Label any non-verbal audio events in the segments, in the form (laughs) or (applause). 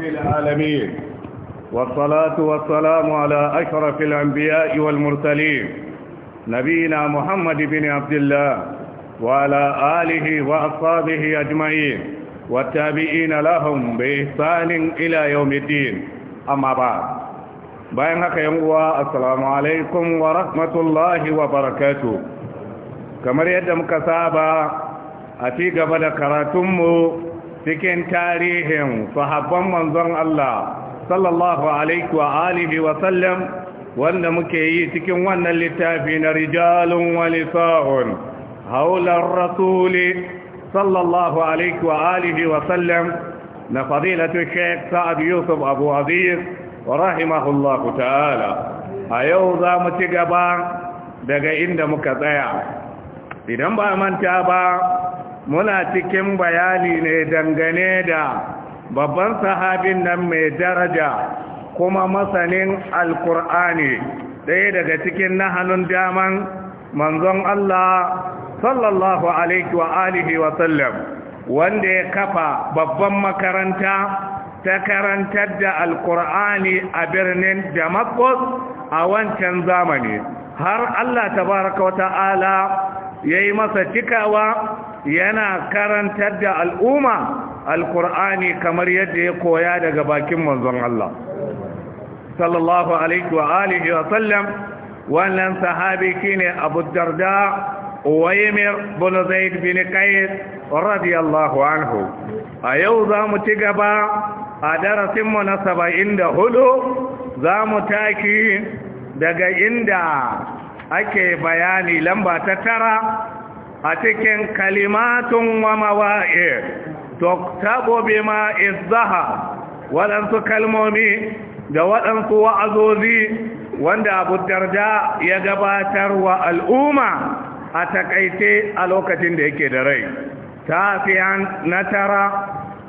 رب العالمين والصلاة والسلام على أشرف الأنبياء والمرسلين نبينا محمد بن عبد الله وعلى آله وأصحابه أجمعين والتابعين لهم بإحسان إلى يوم الدين أما بعد بينك haka السلام عليكم ورحمة الله وبركاته كما wa barakatuh kamar yadda muka cikin tarihin sahabban manzon Allah sallallahu alaihi wa alihi wa sallam wanda muke yi cikin wannan littafi na rijalun wa nisa'un haular rasuli sallallahu alaihi wa alihi wa sallam na fadilatu Sheikh Sa'ad Yusuf Abu Aziz rahimahullahu ta'ala a yau za mu ci gaba daga inda muka tsaya idan ba manta ba muna cikin bayani ne dangane da babban sahabin nan mai daraja kuma masanin alkur'ani ɗaya daga cikin na hannun daman manzon Allah sallallahu alaihi wa alihi wa sallam wanda ya kafa babban makaranta ta karantar da alkur'ani a birnin damascus a wancan zamani har Allah tabaraka wata ala ya yi masa cikawa yana karantar da al'umma alkur'ani kamar yadda ya koya daga bakin manzon Allah sallallahu alaihi wa alihi wa sallam wannan sahabi shine Abu Darda Uwaymir bin Zaid bin Qais radiyallahu anhu a yau zamu ci gaba a darasin mu na Za mu taki daga inda ake bayani lamba ta tara a cikin kalimatun wa mawa'i bi ma izaha, waɗansu kalmomi da waɗansu wa'azozi wanda abu darja ya gabatar wa al'umma a takaice a lokacin da yake da rai tafiyan na tara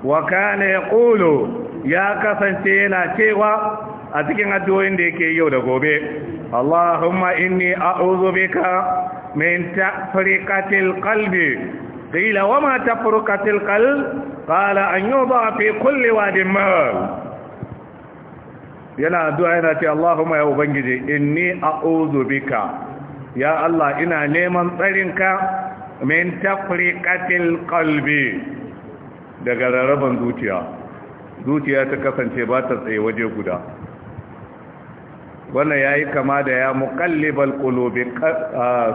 wa kane ƙulo ya kasance yana cewa a cikin addu'o'in da yake yau da gobe Allahumma inni a'udhu bika من تفرقة القلب قيل وما تفرقة القلب قال أن يوضع في كل واد مال yana addu'a yana ce Allahumma ya ubangiji inni a'udhu bika ya Allah ina neman tsarinka min tafriqatil qalbi daga rarraban zuciya zuciya ta kasance ba ta tsaye waje guda wannan yi kama da ya muqallibal qulubi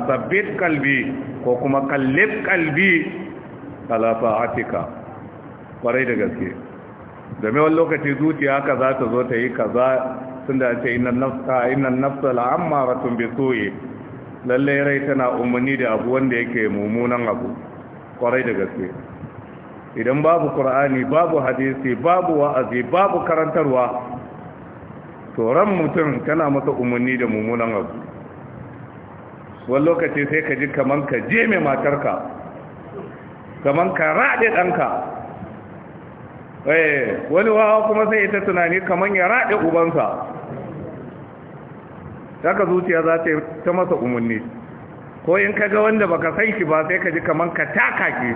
sabbin kalbi ko kuma kallib kalbi kalafa afirka kwarai da gaske domin wani lokaci zuciya haka za ta zo ta yi kaza tunda da ce inan nafsa innan nafsa bi su'i lalle rai tana umarni da abu wanda yake mummunan abu kwarai da gaske idan babu ƙur'ani, babu hadisi babu wa'azi babu karantarwa to ran mutum tana masa umarni da mummunan abu wani lokaci sai ka ji kaman ka je mai matarka kaman ka raɗe ɗanka eh, wani wawa kuma sai ita tunani kaman ya raɗe ubansa ka zuciya za ta ta masa umarni ko in ka ga wanda baka san shi ba sai ka ji kaman ka taka ki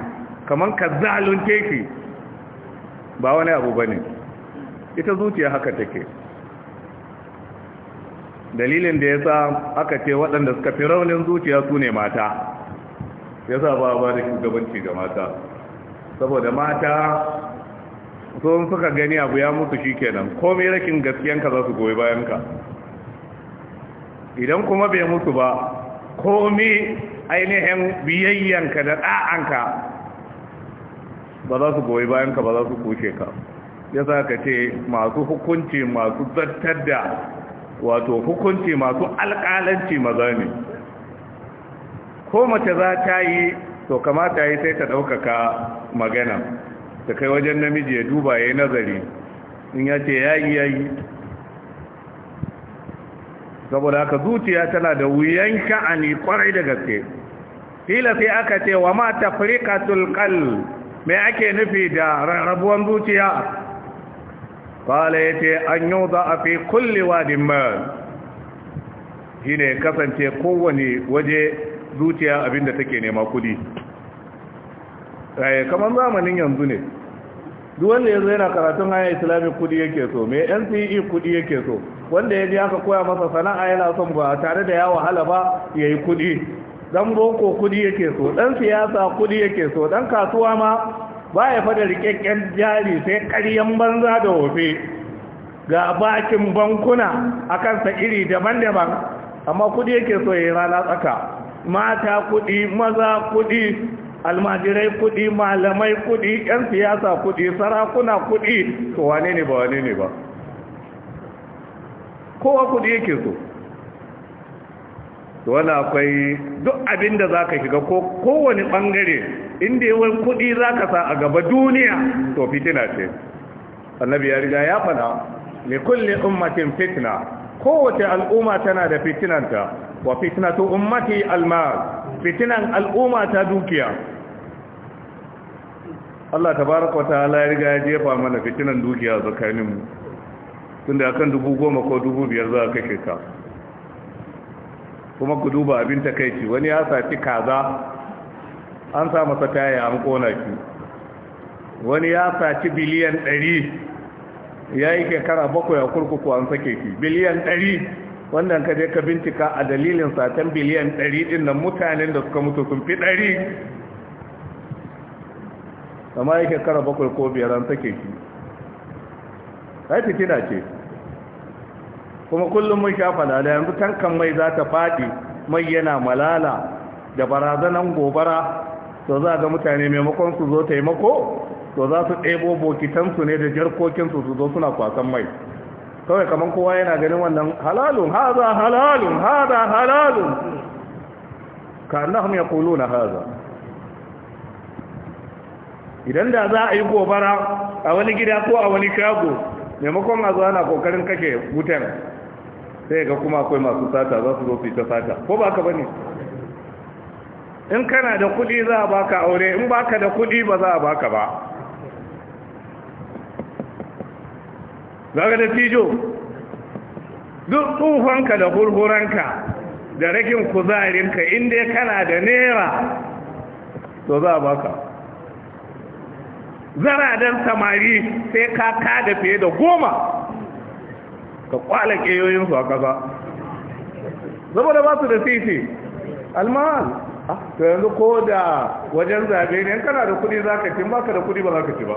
kaman ka zalunce ki ba wani abu bane ita zuciya haka take dalilin da ya sa aka ce waɗanda suka fi raunin zuciya su ne mata ya sa ba ba da shugabanci ga mata saboda mata sun suka gani abu ya mutu shi kenan komai rakin gaskiyanka za su goyi bayanka idan kuma bai mutu ba komai ainihin biyayyanka da ɗa'anka ba za su goyi bayanka ba za su kushe ka ya sa ka ce masu hukunci masu zartar da wato hukunci masu alƙalanci maza ne ko mace za ta yi to kamata yi sai ta ɗaukaka magana ta kai wajen namiji ya duba ya yi nazari in ya ce ya yi ya yi saboda haka zuciya tana da wuyan sha'ani kwarai da gaske kila sai aka ce wa ma tafrikatul qal mai ake nufi da rarrabuwan zuciya kala ya ce an yau za a fi kulle wadin man shi ne kasance kowane waje zuciya abinda take nema kudi raye kamar zamanin yanzu ne duwanda yanzu yana karatun hanyar islamic kudi yake so mai nce kudi yake so wanda ya ji aka koya masa sana'a yana son ba tare da ya wahala ba ya yi kudi dan boko kudi yake so dan siyasa kudi yake so dan kasuwa ma ba ya fada rikakken jari sai ƙaryen banza da wofe ga bakin bankuna a kansa iri daban-daban amma kudi yake so ya yi rana tsaka mata kudi maza kudi almajirai kudi malamai kudi yan siyasa kudi sarakuna kudi to wane ne ba wane ne ba kowa kudi yake so to wani akwai duk abin da za ka shiga ko kowane ɓangare inda yawan kuɗi za ka sa a gaba duniya to fitina ce annabi ya riga ya fana ne kulle ummatin fitina kowace al'umma tana da fitinanta wa fitinatu ummati almar fitinan al'umma ta dukiya Allah tabaraka wa ta'ala ya riga ya jefa mana fitinan dukiya tsakaninmu tunda akan dubu goma ko dubu biyar za ka kashe ka kuma ku duba abin ta takaici wani ya saci kaza an sa masa taya an kona shi wani ya saci biliyan 100 ya yi kekara bakwai a kurkuku an sake shi biliyan 100 wannan ka je ka bincika a dalilin satan biliyan 100 din nan mutanen da suka mutu sun fi 100 amma yake kara bakwai ko biyar an sake shi ai kina ce kuma kullum mun sha falala yanzu tankan mai za ta faɗi mai yana malala da barazanan gobara to za ga mutane maimakon su zo taimako to za su ɗebo bokitansu ne da jarkokinsu su zo suna kwasan mai kawai kamar kowa yana ganin wannan halalun haza halalun haza halalun ka Kulu na haza idan da za a yi gobara a wani gida ko a wani shago maimakon a zo ana kokarin kake wutan sai ga kuma akwai masu sata za su zo su yi ta sata ko ba ka bane in kana da kudi za a baka aure in baka da kudi ba za a baka ba zaga da tijo duk tsufanka da hulhuranka da rikin kuzarinka inda kana da nera to za a baka Zaradar samari sai ka kada fiye da goma ka kwala keyoyinsu a ƙasa saboda ba su da titi almahal ah, to yanzu ko da wajen zaɓe ne kana da kuɗi za ka ci ba ka da kuɗi ba za ka ci ba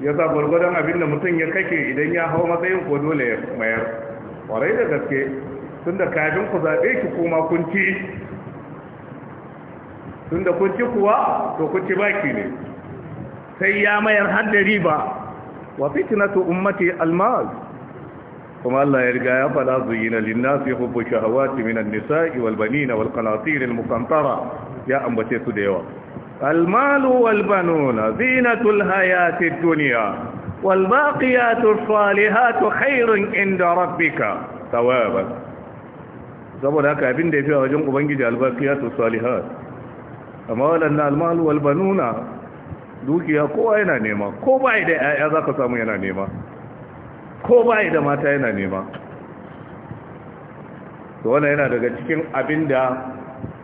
ya sa gwargwadon abin da mutum ya kake idan ya hau matsayin ko dole ya mayar Kwarai da gaske tun da kafin ku zaɓe ki kuma kun ci tun da kun ci kuwa to kun ci baki ne sai ya mayar hadari ba. riba wa fitnatu ummati almal kuma Allah ya riga ya fada zuyina linnasi hubbu shahawati minan nisa'i wal banina wal qanatir al muqantara ya ambace su da yawa المال والبنون زينة الحياة الدنيا والباقيات الصالحات خير عند ربك ثوابا saboda haka abin da ya fi a wajen ubangiji albaqiyatu salihat amma wadannan almalu wal banuna dukiya kowa yana nema ko ba da yaya za ka samu yana nema ko ba da mata yana nema to wannan yana daga cikin abinda da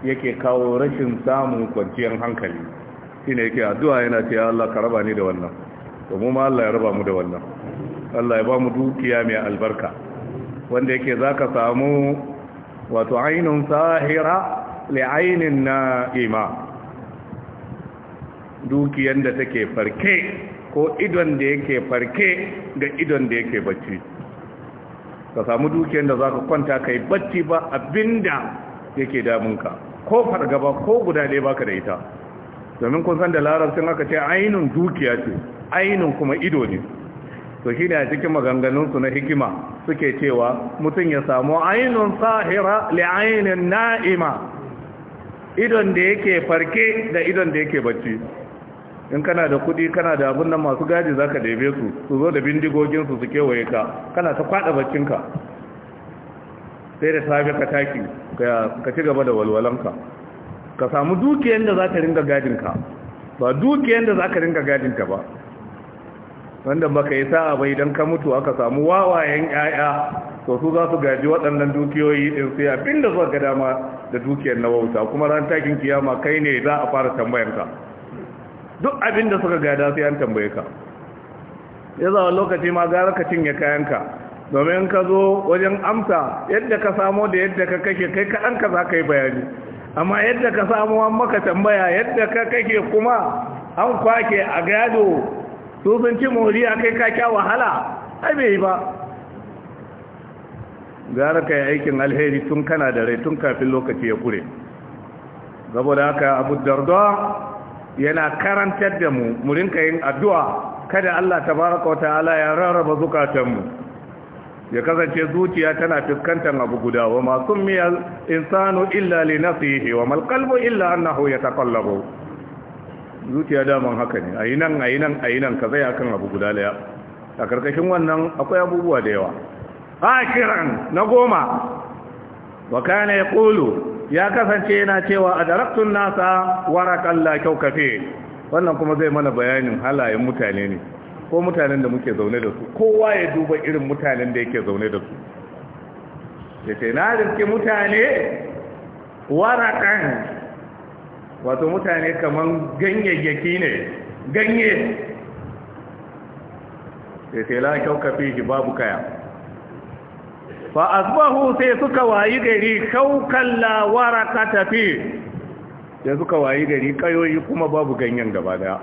yake kawo rashin samun kwanciyar hankali shi ne yake addu'a yana ce ya Allah ka raba ni da wannan domin ma Allah ya raba mu da wannan Allah ya ba mu dukiya mai albarka wanda yake za ka samu wato ainihin sahira li'ainin na ima dukiyar da take farke ko idon da yake farke ga idon da yake bacci ka samu dukiyan da za ka kwanta ka yi bacci ba abinda yake damunka ko fargaba ko guda ɗaya baka da ita domin kun san da larabcin aka ce ainihin dukiya ce ainihin kuma ido ne to shi ne a cikin maganganunsu na hikima suke cewa mutum ya samu ainihin sahira ainihin na'ima idon da yake farke da idon da yake bacci in kana da kuɗi kana da abin nan masu gaji zaka ka su su zo da bindigoginsu su kewaye ka kana ta kwaɗa bakinka sai da safe ka taki ka ci gaba da walwalanka ka samu dukiyar da za ka ringa gadinka ba dukiyar da za ka ringa gadinka ba wanda baka yi sa'a bai don ka mutu aka samu wawayen 'ya'ya to su za su gaji waɗannan dukiyoyi ɗin sai a da zuwa ga dama da dukiyar na wauta kuma ran takin kiyama kai ne za a fara tambayarka duk abin da suka gada sai an tambaye ka ya zawa lokaci ma gara ka cinye kayanka domin ka zo wajen amsa yadda ka samo da yadda ka kake kai kaɗan ka za ka yi bayani amma yadda ka samo an maka tambaya yadda ka kake kuma an kwake a gado su sun ci moriya kai kakya wahala ai bai ba gara ka yi aikin alheri tun kana da rai tun kafin lokaci ya kure saboda haka abu darda yana karantar da mu murinka yin addu'a kada Allah tabaraka wa ta'ala ya rarraba zukatanmu ya kasance zuciya tana fuskantar abu guda wa masu miyar insano illa na nafsihi wa mal qalbu illa ya yataqallabu zuciya daman haka ne a yi nan a yi nan a yi nan ka zai akan abu guda laya a karkashin wannan akwai abubuwa da yawa Ashirin na goma wa kana yaqulu ya kasance yana cewa a daraktun nasa warakan la kyau kafe wannan kuma zai mana bayanin halayen mutane ne ko mutanen da muke zaune da su kowa ya duba irin mutanen da yake zaune da su ya ce na riske mutane warakan wato mutane kamar ganyayyaki ne ganye ya ce la kyau kafe shi babu kaya fa asbahu sai suka wayi gari kaukan la waraqata fi sai suka wayi gari kayoyi kuma babu ganyen gaba daya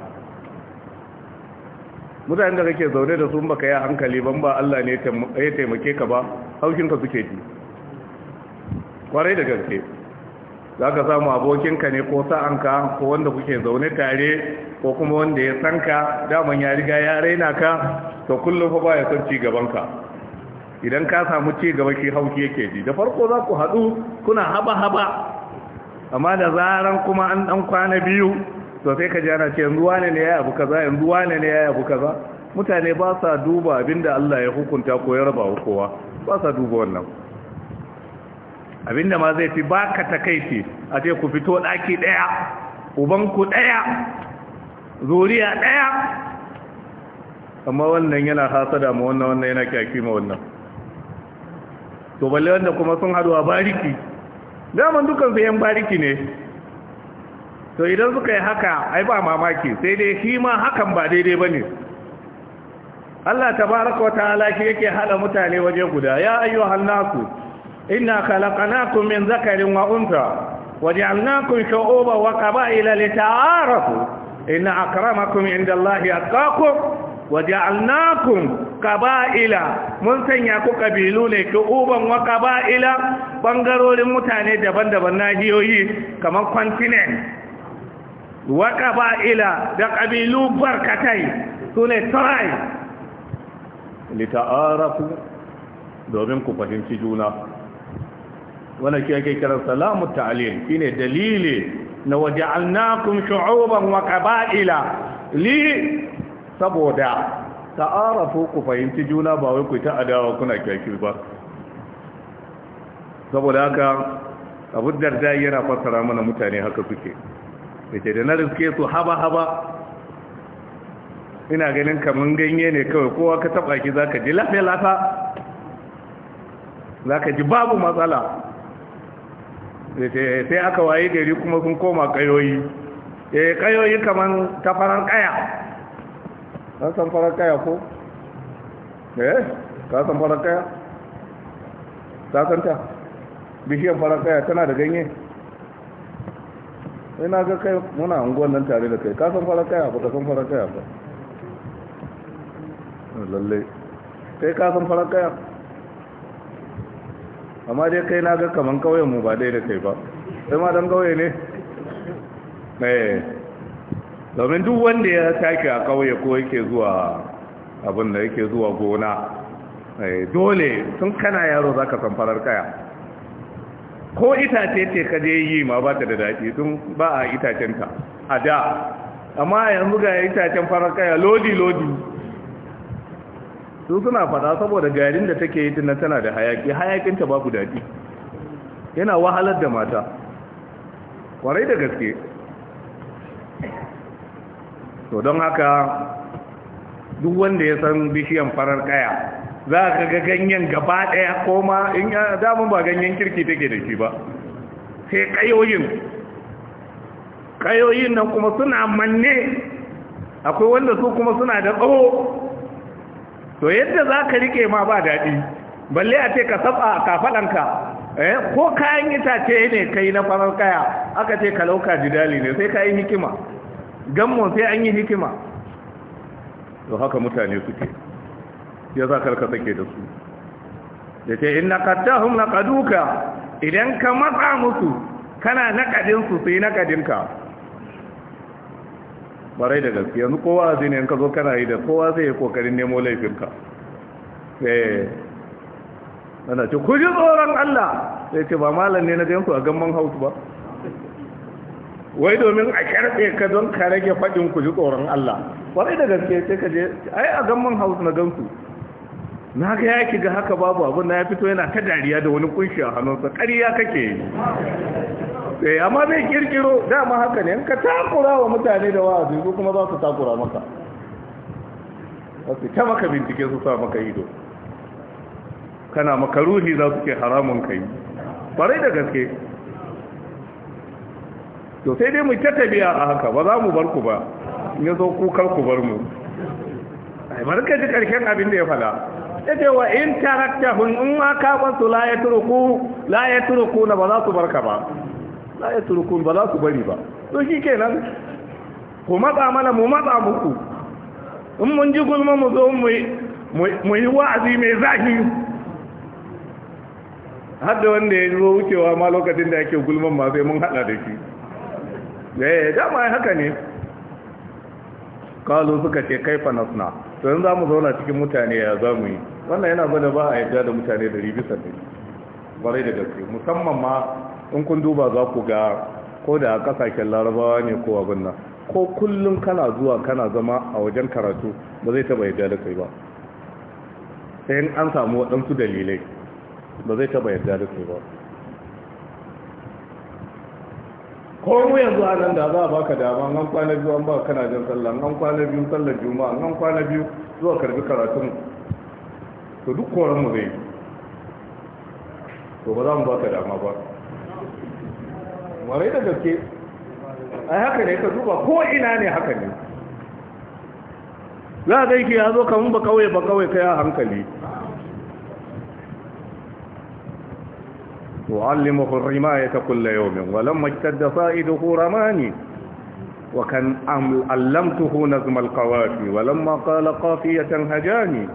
mutanen da kake zaune da su baka yi hankali ban ba Allah ne ya taimake ka ba haukinka suke ji kwarai da gaske za ka samu abokinka ne ko sa'anka ko wanda kuke zaune tare ko kuma wanda ya sanka daman ya riga ya raina ka to kullum fa ba ya son ci gabanka idan ka samu ce gaba shi hauki yake ji da farko za ku haɗu kuna haba-haba amma da zaran kuma an ɗan kwana biyu to sai ka jana ce yanzu wane ne ya abu kaza yanzu wane ne ya abu kaza mutane ba sa duba abinda Allah ya hukunta ko ya raba kowa ba sa duba wannan abinda ma zai fi baka takaici a ce ku fito ɗaki ɗaya ubanku ɗaya zuriya ɗaya amma wannan yana hasada ma wannan wannan yana kyaki ma wannan to balle wanda kuma sun haɗu a bariki daman dukansu yan bariki ne to idan suka yi haka ai ba mamaki sai dai shi ma hakan ba daidai ba ne Allah tabaraka wa ta'ala shi yake hada mutane waje guda ya ayyuhan nasu inna khalaqnakum min zakarin wa unsa waja'alnakum shu'uban wa qaba'ila lita'arafu inna akramakum 'inda Allahi atqakum waja'alnakum kaba'ila mun sanya ku kabilu ne ku uban wa kaba'ila ɓangarorin mutane daban-daban nahiyoyi kamar continent wa ƙaba'ila da kabilu barkatai su ne try lita'arafu domin ku fahimci juna Wani shi ake kiran salamu ta'alim shine dalili na waja'alnakum shu'uban wa kaba'ila li saboda ta'arafu ku fahimci juna ba wai ku ta adawa kuna kyakir ba saboda haka abu da yana fassara mana mutane haka kuke. da da na riske su haba haba ina ganin kamar ganye ne kawai kowa ka taba ki zaka ji lafiya lafa zaka ji babu matsala sai aka waye gari kuma sun koma kayoyi eh kayoyi kaman tafaran kaya ka san farar kaya ko eh ka san farar kaya ta san ta bishiyar farar kaya tana da ganye sai ga kai muna unguwan nan tare da kai ka san farar kaya ba ka san farar kaya ba lalle kai ka san farar kaya amma dai kai na ga kaman kauyen mu ba dai da kai ba sai ma dan kauye ne eh domin duk wanda ya tashi a kauye ko yake zuwa abin da yake zuwa gona eh, dole tun kana yaro zaka san farar kaya ko itace ce ka je yi ma ba ta da daɗi tun ba a itacenta a da amma yanzu ga itacen farar kaya lodi lodi su suna fada saboda garin da take yi tunan tana da hayaki hayakinta babu daɗi yana wahalar da mata kwarai da gaske to don haka duk wanda ya san bishiyan farar kaya za ka ga ganyen gaba daya koma in damun ba ganyen kirki take da shi ba sai kayoyin kayoyin nan kuma suna manne akwai wanda su kuma suna da tsawo to yadda za ka rike ma ba daɗi balle a ce ka saba kafaɗanka eh ko kayan itace ne kai na farar kaya aka ce ka lauka jidali ne sai ka yi hikima Gammon sai an yi hikima to haka mutane suke ya za karka sake da su da ce in naqattahum naqaduka idan ka matsa musu kana kadin su sai kadin ka barai da gaske yanzu kowa zai ne ka zo kana yi da kowa zai yi kokarin nemo laifinka eh ana ce ku ji tsoron Allah sai ce ba malam ne na ganku a gamman hausu ba wai domin a karfe ka don ka rage faɗin ku ji tsoron Allah kwarai da gaske sai ka je ai a gamman Haus na gansu na ga ya ga haka babu abin na ya fito yana ta dariya da wani kunshi a hannunsa ƙarya kake yi sai eh, amma zai kirkiro dama haka ne in ka takura wa mutane da wa'azi su kuma za su takura maka wasu ta maka bincike su sa maka ido kana makaruhi za su ke haramun kai kwarai da gaske to sai dai mu ta tabiya a haka ba za mu bar ku ba ya zo kukar ku bar mu ai marka ji karshen abin da ya fada yace wa in taraktahum in aka su la yatruku la yatruku na ba za su barka ba la yatruku ba za su bari ba to kenan ku matsa mana mu matsa muku in mun ji gulma mu zo mu yi wa'azi mai zafi har da wanda ya zo wucewa ma lokacin da yake gulman ma sai mun hada da shi da eh, dama haka ne kalu suka ce kaifa nasna to yanzu zamu zauna cikin mutane ya zamu yi wannan yana gwada ba a yadda da mutane da ribi sabbi bare da gaske musamman ma in kun duba za ku ga ko da kasashen larabawa ne ko abin nan ko kullum kana zuwa kana zama a wajen karatu ba zai taba yadda da kai ba sai an samu waɗansu dalilai ba zai taba yadda da kai ba ko mu yanzu a nan da za a baka dama an kwana biyu an ba kana jin sallah an kwana biyu sallar juma'a an kwana biyu zuwa karbi karatun to duk koran mu zai to ba za mu baka dama ba warai da gaske ai haka ne ka duba ko ina ne haka ne za a gaiki ya zo kamun ba kawai ba kawai kai a hankali وعلمه الرماية كل يوم ولما اجتد صائده رماني وكان علمته نظم القوافي ولما قال قافية هجاني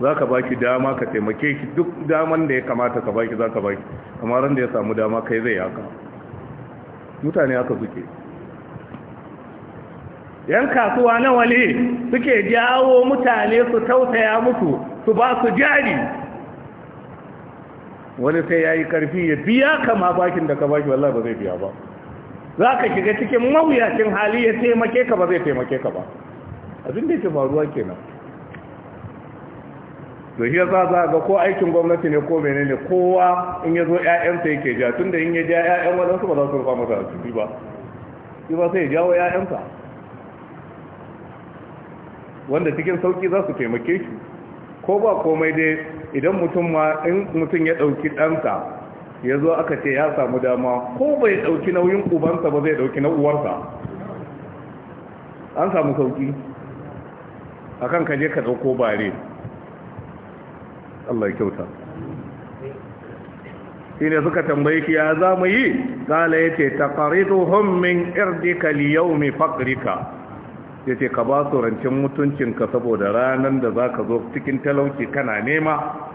za ka baki dama ka taimake shi duk daman da ya kamata ka baki za ka baki amma ran ya samu dama kai zai haka mutane haka suke yan kasuwa nawa ne suke jawo mutane su tausaya musu su ba su jari wani sai ya yi ƙarfi ya biya kama bakin da ka bashi wallah ba zai biya ba za ka shiga cikin mawuyacin hali ya taimake ka ba zai taimake ka ba abin da ke faruwa kenan to shi yasa za ga ko aikin gwamnati ne ko menene kowa in ya zo ƴaƴansa yake ja tunda in ya ja ƴaƴan wadansu ba za su rufa masa asiri ba shi ba sai ya jawo ƴaƴansa wanda cikin sauki za su taimake shi ko ba komai dai idan mutum ma in mutum ya ɗauki ɗansa ya zo aka ce ya samu dama ko bai ɗauki nauyin ubansa ba zai ɗauki na uwarsa an samu sauki a kaje ka ɗauko bare Allah ya kyauta shi suka tambayi ki ya za mu yi kala ya taqriduhum min irdika liyawmi mai ya ce ka ba su rancen mutuncinka saboda ranar da za ka zo cikin talauci kana nema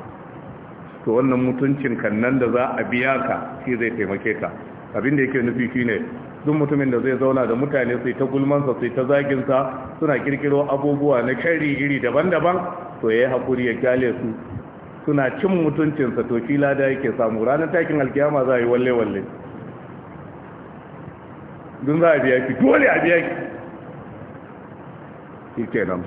to wannan mutuncinka nan da za a biya ka shi zai taimake ka abinda yake nufi shi ne duk mutumin da zai zauna da mutane sai ta gulmansa sai ta zaginsa suna kirkiro abubuwa na shari iri daban-daban to ya yi haƙuri ya kyale su suna cin mutuncinsa to shi lada yake samu ranar takin alkiyama za a yi walle-walle dun za a biya ki dole a biya ki shi kenan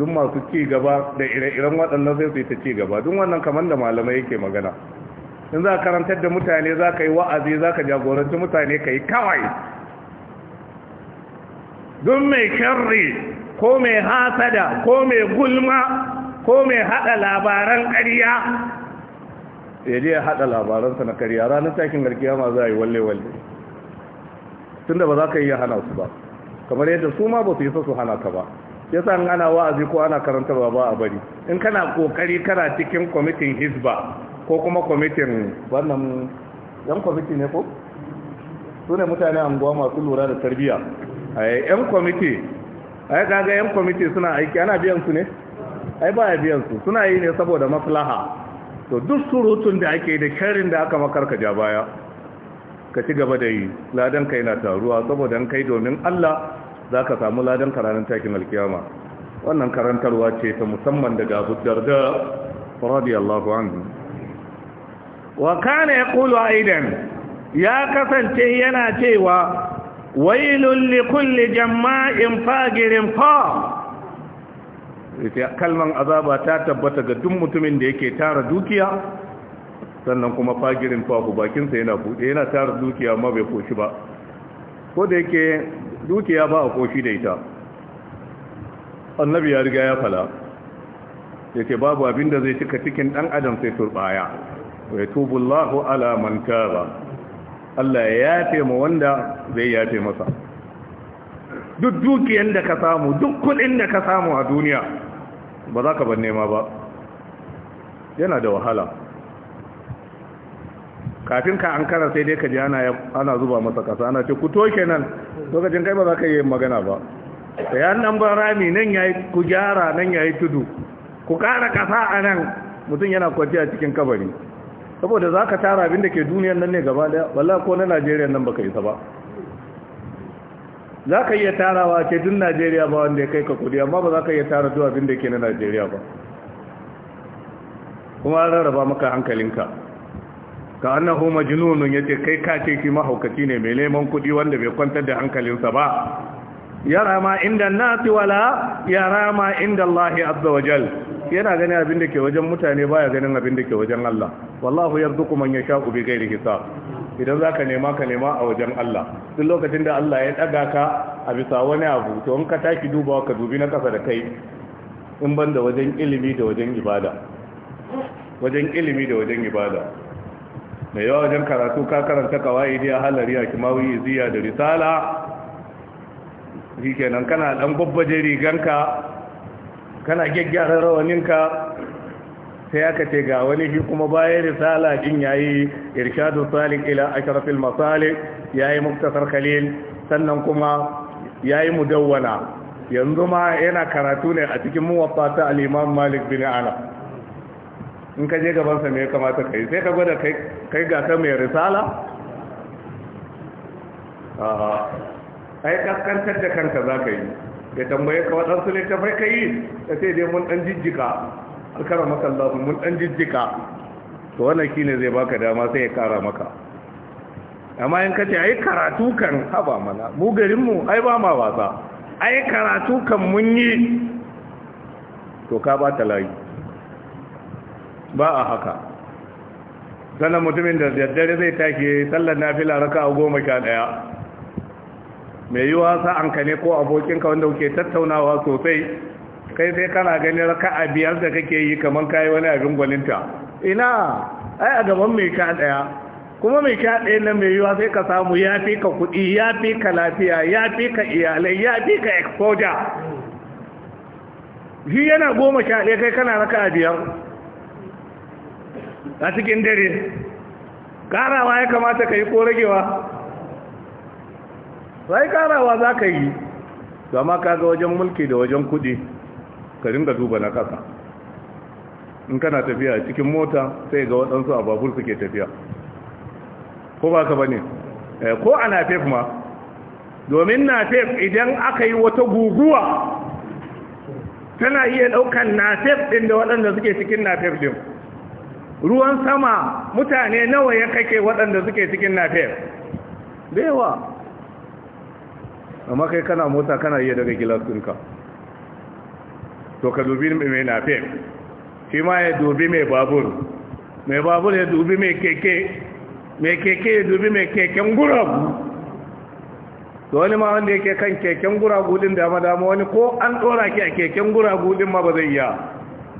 duk masu ci gaba da ire-iren waɗannan zai su yi ta ci gaba duk wannan kamar da malamai yake magana in za a karantar da mutane za ka yi wa'azi za ka jagoranci mutane ka yi kawai don mai kyarri ko mai hasada ko mai gulma ko mai haɗa labaran ƙarya ya je ya haɗa labaransa na ƙarya ranar takin garkiya ma za a yi walle-walle tun da ba za ka yi hana su ba kamar yadda su ma ba su yi sa su hana ka ba ya san ana wa'azi ko ana karantarwa ba a bari in kana kokari kana cikin kwamitin hisba ko kuma kwamitin wannan yan kwamiti ne ko su ne mutane anguwa masu lura da tarbiyya yan kwamiti ai kaga yan kwamiti suna aiki ana biyan su ne ai ba biyan su suna yi ne saboda maslaha to duk surutun da ake da sharrin da aka makarka ja baya ka ci gaba da yi ka yana taruwa saboda an kai domin Allah za ka samu ladan ranar takin alkiyama wannan karantarwa ce ta musamman daga abu darda radiyallahu anhu wa kana yaqulu aidan ya kasance yana cewa wailul kulli jamma'in fagirin fa kalman azaba ta tabbata ga duk mutumin da yake tara dukiya sannan kuma fagirin fafu bakinsa yana buɗe yana tara dukiya amma bai koshi ba ko da yake dukiya ba a koshi da ita annabi ya riga ya fala yake babu abin da zai cika cikin ɗan adam sai turbaya wa yatubullahu ala man taba Allah ya yafe mu wanda zai yafe masa duk dukiyar da ka samu duk kudin da ka samu a duniya ba za ka ban nema ba yana da wahala kafin ka an kara sai dai ka ji ana ana zuba masa kasa ana ce ku toke nan lokacin kai ba za ka yi magana ba sai an nan ban rami nan yayi ku gyara nan yayi tudu ku kara kasa a nan mutum yana kwanciya cikin kabari saboda za ka tara abin da ke duniyar nan ne gaba daya walla ko na najeriya nan baka isa ba za ka iya tarawa ce tun najeriya ba wanda ya kai ka kudi amma ba za ka iya tara duk abin da ke na najeriya ba kuma an rarraba maka hankalinka ka annahu majnunun yace kai ka ce shi mahaukaci ne mai neman kudi wanda bai kwantar da hankalinsa ba yara ma inda nasi wala yara ma inda Allah azza wajal yana gani abin da ke wajen mutane baya ganin abin da ke wajen Allah wallahu yarzuqu man yasha'u bi ghairi hisab idan za ka nema ka nema a wajen Allah duk lokacin da Allah ya ɗaga ka a bisa wani abu to in ka tashi dubawa ka dubi na kasa da kai in ban da wajen ilimi da wajen ibada wajen ilimi da wajen ibada mai yawa wajen karatu ka karanta kawai da halariya kimawi iziya da risala shi kana dan gwabbaje riganka kana gyaggyara rawaninka sai aka ce ga wani shi kuma bayan risala ya yayi irshadu salik ila ashrafil masalik yayi muktasar khalil sannan kuma yayi mudawwana yanzu ma yana karatu ne a cikin muwaffata al-imam malik bin anas in ka je gabansa me ya kamata ka yi sai ka gwada kai gasa mai risala ai kaskantar da kanka za ka yi ya tambaye ka waɗansu ne tafai ka yi ta sai dai mun ɗan jijjika alkara maka Allah mun ɗan jijjika to wannan shi ne zai baka dama sai ya kara maka amma in ka ce ai karatu kan haba mana mu garinmu ai ba ma wasa ai karatu kan mun yi to ka ba ta layi ba a haka sannan mutumin da daddare zai take sallar nafila raka a goma sha ɗaya mai yi wasa an kane ko abokinka wanda kuke tattaunawa sosai kai sai kana ganin raka a biyar da kake yi kamar kayi wani abin gwaninta ina ai a gaban mai sha daya kuma mai sha daya na mai yiwa sai ka samu ya fi ka kuɗi ya fi ka lafiya ya fi ka iyalai ya fi ka exposure shi yana goma sha kai kana raka a biyar a cikin dare karawa ya kamata ka yi ko ragewa sai karawa za ka yi zama ka ga wajen mulki da wajen kudi ka ringa duba na kasa in kana tafiya cikin mota sai ga waɗansu a babur suke tafiya ko ba ka ba ne eh, ko a nafef ma domin nafef idan aka yi wata guguwa tana iya ɗaukan nafef ɗin da waɗanda suke cikin nafef ɗin ruwan sama mutane nawa ya kake waɗanda suke cikin nafiyar da yawa amma kai kana mota kana iya daga gilas ɗinka? to ka dubi mai nafiyar shi ma ya dubi mai babur mai babur ya dubi mai keke mai keke ya dubi mai keken guragu to wani ma wanda yake kan keken guragu din dama-dama, wani ko an ɗora ki a keken guragu din ma ba zai iya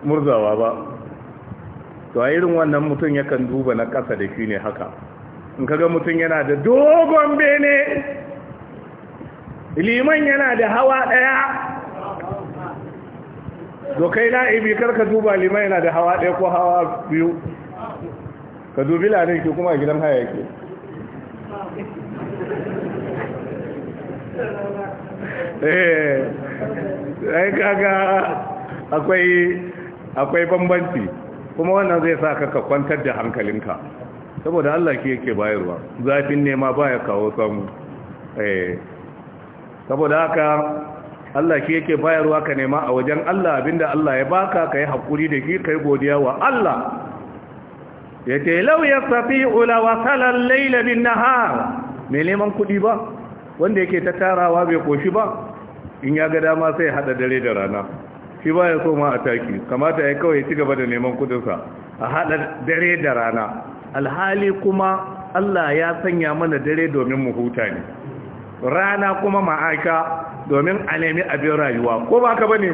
murzawa ba to a irin wannan mutum yakan duba na ƙasa da shi ne haka in kaga mutum yana da dogon bene liman yana da hawa ɗaya dokai na'ibi karka duba liman yana da hawa ɗaya ko hawa biyu ka dubi lanin ke kuma gidan haya ke eh ai kaga akwai akwai bambanci kuma wannan zai sa ka kwantar da hankalinka saboda Allah ke yake bayarwa zafin nema baya kawo samu eh, saboda haka Allah ke yake bayarwa ka nema a wajen Allah abinda Allah ya baka kai hakuri da shi kai godiya wa Allah yace law yastati'u la wasala al-layla bin nahar me neman kudi ba wanda yake ta tarawa bai koshi ba in ya ga dama sai hada dare da rana shi ba ya so ma a taki kamata ya kawai ci gaba da neman kudinsa a haɗa dare da rana alhali kuma Allah ya sanya mana dare domin mu huta ne rana kuma ma'aika domin a nemi abin rayuwa ko ba ka bane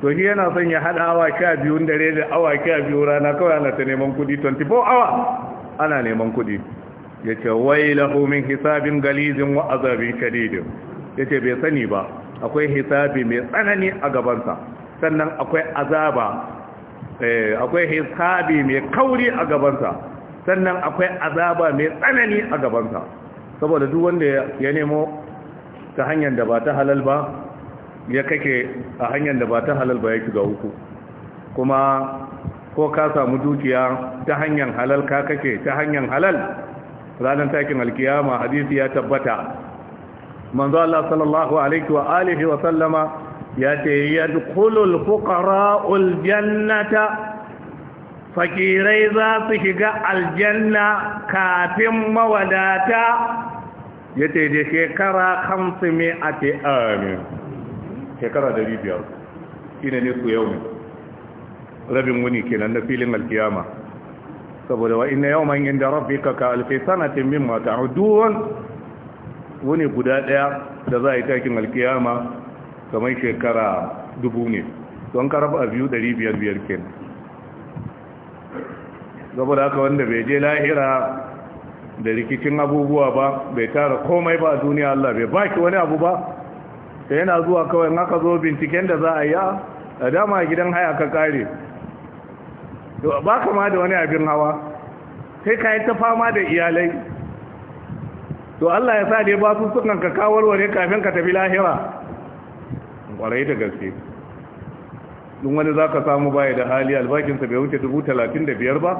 to shi yana son ya haɗa awa sha biyun dare da awa sha biyu rana kawai ana ta neman kudi 24 awa ana neman kudi ya ce wai lahu min hisabin galizin wa azabin shadidin ya ce bai sani ba akwai hisabi mai tsanani a gabansa sannan akwai azaba eh, akwai hisabi mai kauri a gabansa sannan akwai azaba mai tsanani a gabansa saboda duk wanda ya nemo ta hanyar da ba ta halal ba ya kake a hanyar da ba ta halal ba ya shiga uku kuma ko ka samu dukiya ta hanyar halal ka kake ta hanyar halal ranar takin alkiyama hadisi ya tabbata manzo Allah sallallahu alaihi wa alihi wa sallama ya ce yadkhulul fuqara'ul jannata fakirai za su shiga aljanna kafin mawadata ya ce da shekara hamsin mai ake amin shekara dari biyar ina ne su yau rabin wuni kenan na filin alkiyama saboda wa ina yau man inda rabbika ka alfi sanatin min mata duwan wani guda daya da za a yi takin alkiyama kamar shekara dubu ne don karaba a biyu dari biyar biyar ke saboda haka wanda bai je lahira da rikicin abubuwa ba bai tara komai ba a duniya Allah bai baki wani abu ba sai yana zuwa kawai in aka zo binciken da za a yi ah, a dama gidan haya ka kare ba kama da wani abin hawa sai ka yi ta fama da iyalai to Allah ya sa dai ba su sukan ka kawarware kafin ka tafi lahira kwarai da gaske dun wani za ka samu baya da hali albakinsa bai wuce dubu talatin da biyar ba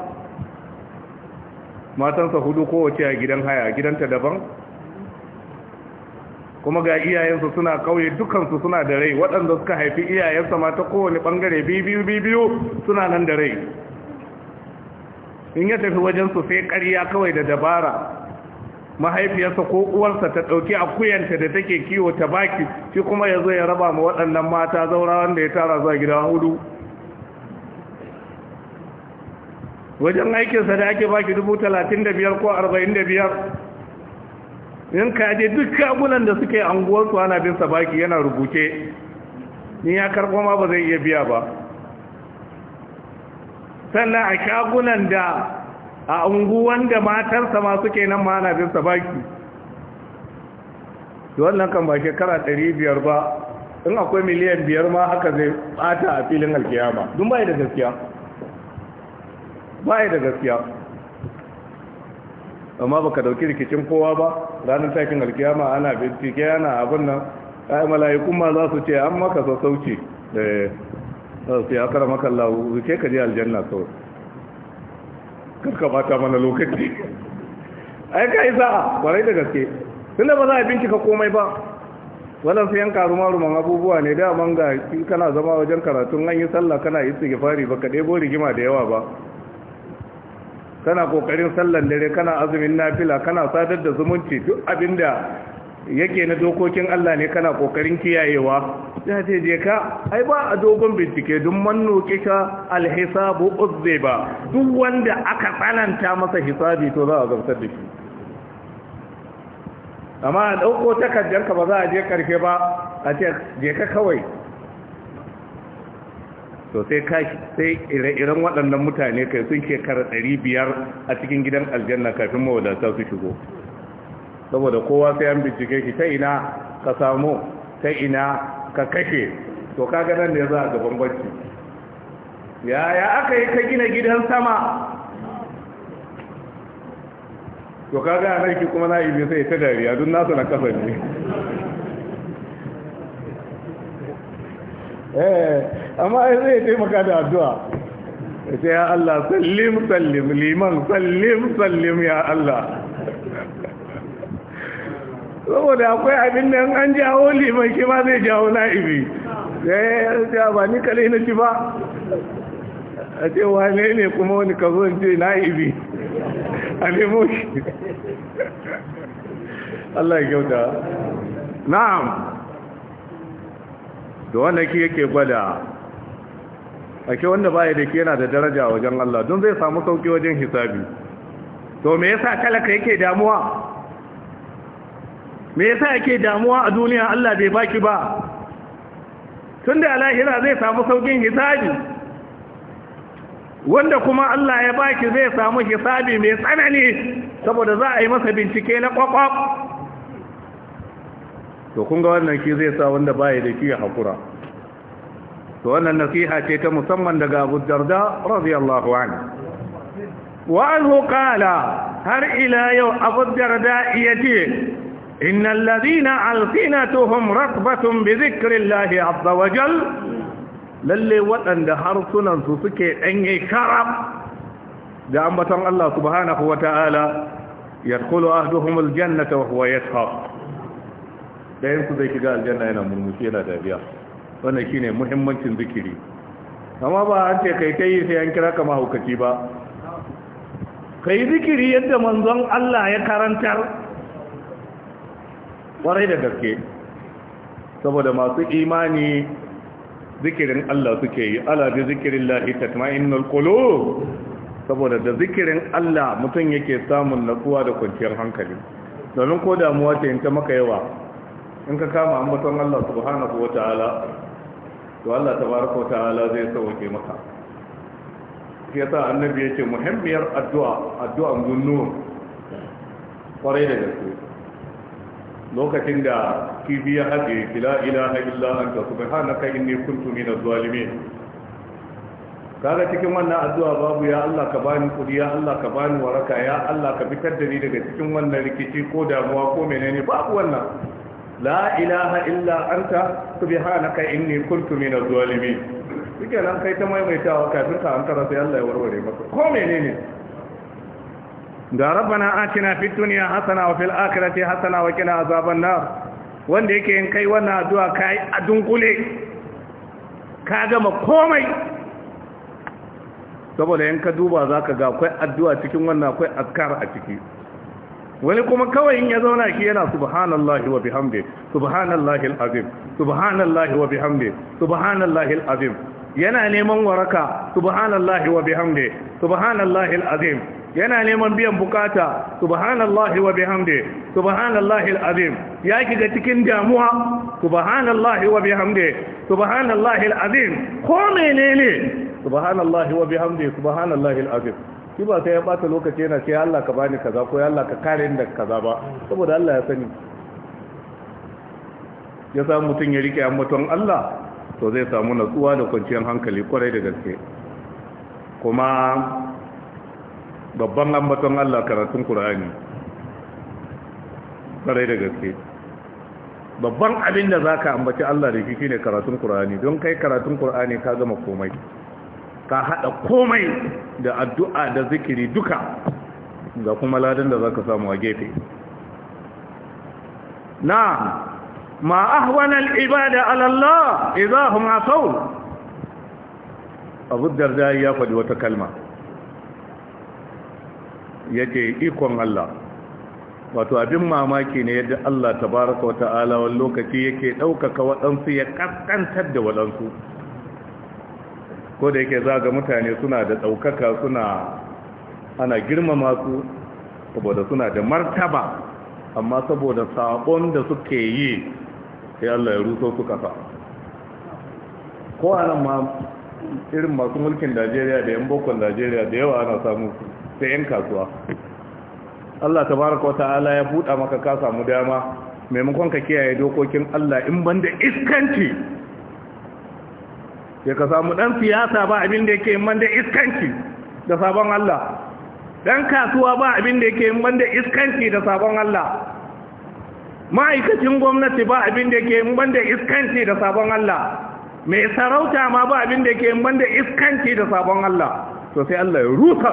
matansa hudu kowace a gidan haya gidanta daban kuma ga iyayensu suna kauye dukansu suna da rai waɗanda suka haifi iyayensa mata kowane ɓangare biyu biyu suna nan da rai in ya tafi wajensu sai ƙarya kawai da dabara mahaifiyarsa ko uwarsa ta ɗauki akuyanta da take kiwo ta baki shi kuma ya ya raba ma waɗannan mata zaura da ya tara zuwa gida hudu wajen aikinsa da ake baki dubu talatin da biyar ko arba'in da biyar in ka je duk kagunan da suke anguwarsu ana bin sa baki yana rubuce ni ya karɓo ma ba zai iya biya ba sannan a kagunan da a unguwan da matarsa ma suke nan ma ana bin sabaki wannan kan ba shekara 500 ba in akwai miliyan biyar ma haka zai bata a filin alkiyama dun bai da gaskiya bai da gaskiya amma baka dauki rikicin kowa ba ranar takin alkiyama ana bincike yana abin nan ai mala'iku ma za su ce an maka sassauci da eh, sai akara maka Allah wuce ka je aljanna sau kuka bata mana lokaci ai ka yi sa'a kwarai da gaske tunda ba za a bincika komai ba wannan sai yanka ruma abubuwa ne da man ga kana zama wajen karatun an yi sallah kana yi fari ba ka debo rigima da yawa ba kana kokarin sallan dare kana azumin nafila kana sadar da zumunci duk abinda yake na dokokin Allah ne kana kokarin kiyayewa ya ce je ka ai ba a dogon bincike duk manno kika alhisabu uzziba duk wanda aka tsananta masa hisabi to za a gamsar da shi amma a dauko takardar ka ba za a je karfe ba a ce je ka kawai to sai kashi sai ire-iren waɗannan mutane kai sun shekara 500 a cikin gidan aljanna kafin mawadata su shigo saboda kowa sai an bincike ki ta ina ka samu ta ina ka kashe to kaga nan ne za a gaban bacci. yaya aka yi ka gina gidan sama to kaga a narki kuma na ibi sai ta dariya dun nasu na kasa ne (laughs) eh amma ai zai taimaka da addu'a sai ya Allah sallim sallim liman sallim sallim ya Allah saboda akwai abin da an jawo liman shi ma zai jawo na'ibi eh, ya ba ni kale na shi ba a ce wane ne kuma wani ka zo ce na'ibi a nemo shi Allah ya kyauta na'am da wanda ki yake gwada a ke wanda baya da ke yana da daraja wajen Allah don zai samu sauki wajen hisabi to me yasa talaka yake damuwa me yasa yake damuwa a duniya Allah bai baki ba tunda Alahira lahira zai samu saukin hisabi wanda kuma Allah ya baki zai samu hisabi mai tsanani saboda za a yi masa bincike na kwakwak to kun ga wannan ki zai sa wanda baya da shi hakura to wannan nasiha ce ta musamman daga Abu Darda radiyallahu anhu wa qala har ila yau Abu Darda yace إن الذين ألسنتهم رغبة بذكر الله عز وجل lalle waɗanda harsunansu suke ɗanye karab da ambaton Allah subhanahu wa ta'ala ya kulu ahduhum aljannata wa huwa yasha dayan su zai kiga aljanna yana murmushi yana dariya wannan shine muhimmancin zikiri amma ba an ce kai kai sai an kira ka mahaukaci ba kai zikiri yadda manzon Allah ya karantar ƙwarai da gaske saboda masu imani zikirin Allah suke yi ala da zikirin tuma tatma'innul qulub saboda da zikirin Allah mutum yake samun natsuwa da kwanciyar hankali domin ko damuwa ce yin ta maka yawa in ka kama an mutum Allah subhanahu wataala to Allah Ta tabaraka wataala zai sauke maka ya sa annabi yake muhimmiyar addu'a addu'an gunnu kwarai da gaske lokacin da kifi ya haɗe fila ilaha illa anta subhanaka inni kuntu minaz zalimin kaga cikin wannan addu'a babu ya Allah ka bani kudi ya Allah ka bani waraka ya Allah ka fitar da ni daga cikin wannan rikici ko damuwa ko menene babu wannan la ilaha illa anta subhanaka inni kuntu minaz zalimin kike nan kai ta maimaitawa kafin ka an sai Allah ya warware maka ko menene ga rabbana atina fid dunya hasana wa fil akhirati hasana wa qina azaban nar wanda yake in kai wannan addu'a kai a dunkule ka gama komai saboda in ka duba zaka ga akwai addu'a cikin wannan akwai azkar a ciki wani kuma kawai in ya zauna ki yana subhanallahi wa bihamdi subhanallahi alazim subhanallahi wa bihamdi subhanallahi alazim yana neman waraka subhanallahi wa bihamdi subhanallahi alazim yana neman biyan bukata subhanallahi wa bihamdi subhanallahi alazim ya kiga cikin damuwa subhanallahi wa bihamdi subhanallahi alazim ko menene subhanallahi wa bihamdi subhanallahi alazim shi ba sai ya bata lokaci yana ce Allah ka bani kaza ko Allah ka kare ni kaza ba saboda Allah ya sani ya samu mutum ya rike ambaton Allah to zai samu natsuwa da kwanciyar hankali kwarai da gaske kuma babban ambaton Allah karatun Kur'ani sarai da gaske babban abin da zaka ambaci Allah da shi ne karatun Kur'ani don kai karatun Kur'ani ka gama komai ka haɗa komai da addu'a da zikiri duka ga kuma ladan da zaka samu a gefe na ma ibada ala Allah idahum Abu Darda ya faɗi wata kalma yake ikon Allah wato abin mamaki ne yadda Allah tabaraka wata'ala wani lokaci yake ɗaukaka waɗansu ya ƙasƙantar da waɗansu ko da yake zaga mutane suna da ɗaukaka suna ana girmama su saboda suna da martaba amma saboda saƙon da suke yi sai Allah ya ruso su kasa. ko anan ma irin masu mulkin Najeriya da yan bokon Najeriya da yawa ana samu su da 'yan kasuwa Allah tabaraka wata'ala ya buɗa maka ka samu dama maimakon ka kiyaye dokokin Allah in banda iskanci ya ka samu ɗan siyasa ba abin da yake in banda iskanci da sabon Allah ɗan kasuwa ba abin da yake in banda iskanci da sabon Allah ma'aikacin gwamnati ba abin da ke banda iskanci da sabon Allah mai sarauta ma ba abin da ke banda iskanci da sabon Allah to sai Allah ya rusa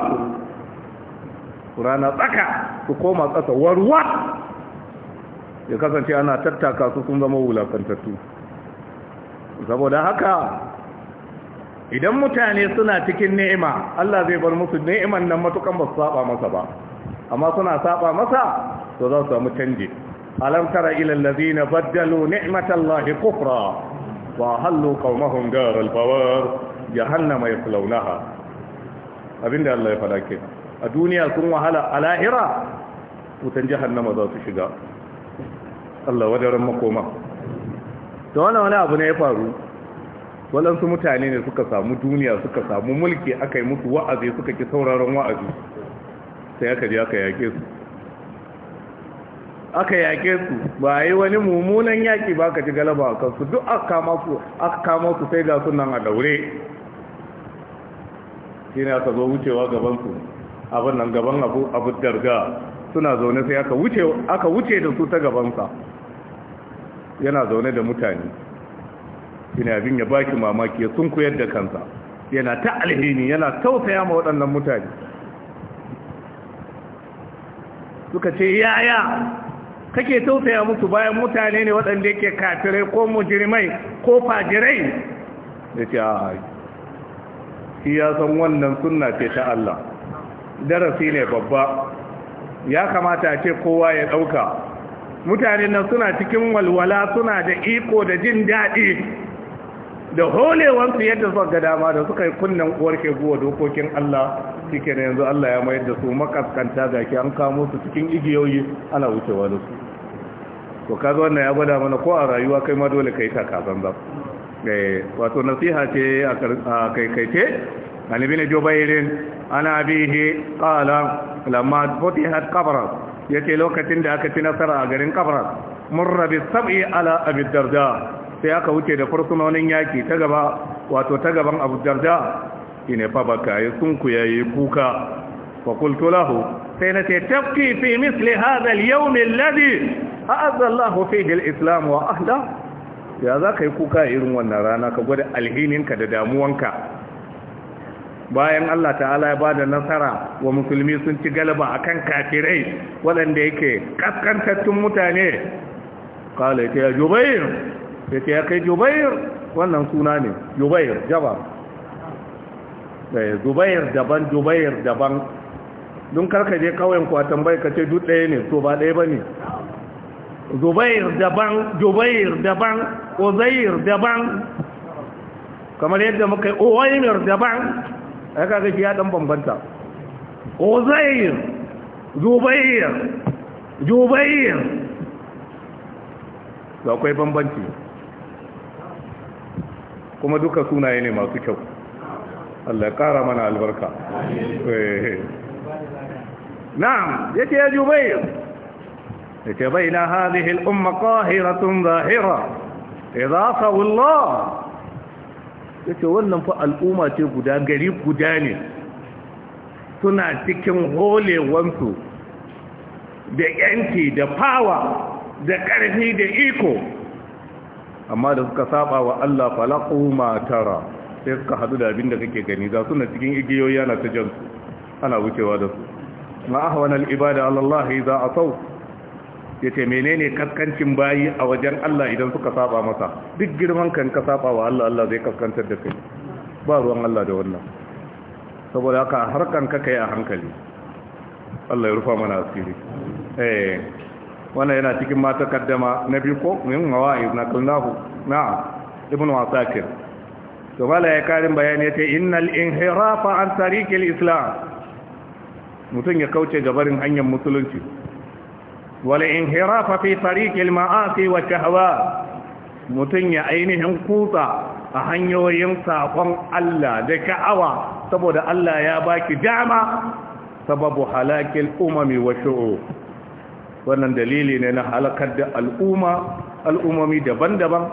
rana tsaka su koma tsasa warwa ya kasance ana tattaka su sun zama wulakantattu saboda haka idan mutane suna cikin ni'ima Allah zai bar musu ni'iman nan matukan ba su saba masa ba amma suna saba masa to za su samu canji alam tara ila allazina baddalu ni'matallahi kufra wa halu qaumahum daral bawar jahannama yaslawnaha abinda Allah ya fada kenan a duniya sun wahala a lahira wutan jahannama za su shiga Allah wadaran makoma da wani wani abu ne ya faru waɗansu mutane ne suka samu duniya suka samu mulki aka yi musu wa'azi suka ki sauraron wa'azi sai aka ji aka yaƙe su aka yaƙe su ba a yi wani mummunan yaƙi ba ka ji galaba a kansu duk aka kama su sai ga sunan a daure shi ne aka zo wucewa gabansu abin nan gaban abu abu darga suna zaune sai aka wuce aka wuce da su ta gabansa yana zaune da mutane ina abin ya baki mamaki ya sunkuyar da kansa yana ta alhini yana tausaya ma waɗannan mutane suka ce yaya kake tausaya musu bayan mutane ne waɗanda yake kafirai ko mujirmai ko fajirai da ce a shi ya san wannan sunna ce ta Allah darasi ne babba ya kamata ce kowa ya ɗauka mutane nan suna cikin walwala suna da iko da jin daɗi da holewansu yadda suka ga dama da suka yi kunnen uwar guwa dokokin Allah shike ne yanzu Allah ya mayar da su makaskanta ga ki an kamo su cikin igiyoyi ana wucewa da su to kaga wannan ya gwada mana ko a rayuwa kai ma dole kai ta kasan zam eh, wato nasiha ce a kai kai ce عن ابن جبير عن أبيه قال لما فتحت قبرة يتي لوكة داكة نصر أقرن قبرة مر بالسبع على أبي الدرداء sai aka wuce da fursunonin yaki ta gaba wato ta gaban abu darda shi ne fabaka ya yi kuka fakultu lahu sai na ce tafki fi misli hadal yaumin ladi a azallahu fi islam wa ahda ya za ka yi kuka irin wannan rana ka gwada alhininka da damuwanka bayan Allah ta'ala ya bada nasara wa musulmi sun ci galaba akan kafirai waɗanda yake kaskantattun mutane kala ya jubair ya ce ya kai jubair wannan suna ne jubair jaba eh, jubair daban jubair daban don karka je kawai kuwa tambayi ka ce duk ɗaya ne to ba ɗaya ba ne zubair daban jubair daban uzair daban kamar yadda muka yi uwaimir daban ya kaga shi ya dan bambanta uzair zubair jubair da akwai bambanci kuma duka sunaye ne masu kyau Allah ya kara mana albarka na'am yake ya jubair yake bai na hadihil umma qahiratun zahira idza sawu Allah ya ce wannan fa al'umma ce guda gari guda ne suna cikin holewansu da yanki da fawa da ƙarfi da iko amma da suka saba wa Allah falaƙo matara sai suka haɗu da abin da kake gani za suna cikin igiyoyi ana ta jansu ana wucewa da su ma'ahawan al'ibada Allah za a sau ya ce menene kaskancin bayi a wajen Allah idan suka saba masa duk girman kan ka saba wa Allah Allah zai kaskantar da kai ba ruwan Allah da wannan saboda haka harkan ka kai a hankali Allah ya rufa mana asiri eh wannan yana cikin mata kaddama na biyu ko min mawa'iz na kullahu na'am ibn wasakir to wala ya karin bayani yace innal inhirafa an tariqil islam mutun ya kauce gabarin hanyar musulunci والانحراف في طريق المعاصي والشهوات mutum ya ainihin kutsa a hanyoyin saƙon Allah da ka'awa saboda Allah ya baki dama sababu halakil umami wa shu'u wannan dalili ne na halakar da al'umma al'umami daban-daban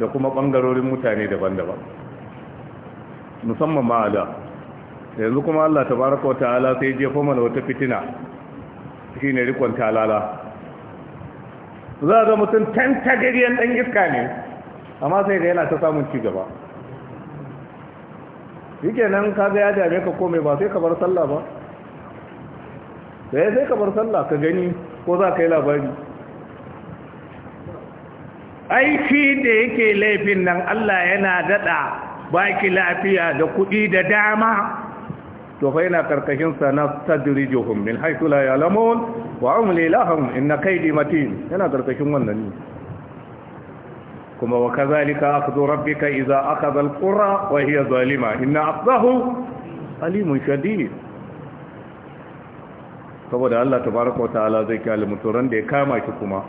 da kuma ɓangarorin mutane daban-daban musamman ma'ada yanzu kuma Allah tabaraka wa ta'ala sai jefa mana wata fitina shine rikon talala za a ga mutum tantagariyan ɗan iska ne amma sai ga yana ta samun ci gaba yake nan ka zai ya dame ka kome ba sai ka bar sallah ba sai eh, sai ka bar sallah ka gani ko za ka yi labari aiki da yake laifin nan Allah yana daɗa baki lafiya da kuɗi da dama Tofa yana karkashin sa na tadrijuhum min haythu la ya'lamun wa amli lahum inna kaydi matin yana karkashin wannan ne kuma wa kazalika akhdhu rabbika idza akhadha alqura wa hiya zalima inna aqdahu alimun shadid saboda Allah tabaraka wata ala zai kyalimu, muturan da ya kama shi kuma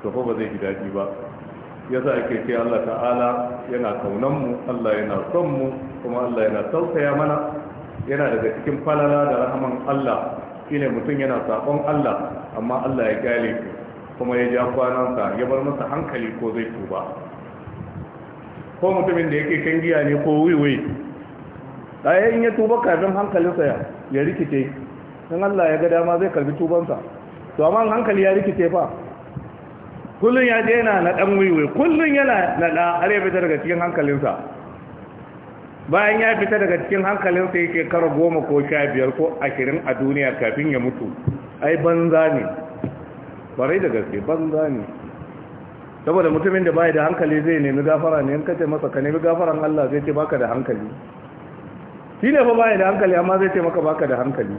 to ko ba zai ji daji ba ya za ake ce Allah ta'ala yana kaunanmu Allah yana sonmu kuma Allah yana tausaya mana yana daga cikin falala da rahaman Allah shine mutum yana saƙon Allah amma Allah ya gale kuma ya ja kwanansa ya bar masa hankali ko zai tuba ko mutumin da yake kan giya ne ko wiwi ɗaya in ya tuba kafin hankalinsa ya rikice in Allah ya ga dama zai karbi tubansa to amma hankali ya rikice fa kullum ya je yana na ɗan wiwi kullum yana na da har ya fita daga cikin hankalinsa bayan ya fita daga cikin hankalinsa yake karo goma ko sha biyar ko ashirin a duniya kafin ya mutu ai banza ne barai da gaske banza ne saboda mutumin da bai da hankali zai nemi gafara ne in kace masa ka nemi gafaran Allah zai ce baka da hankali shi ne fa bai da hankali amma zai ce maka baka da hankali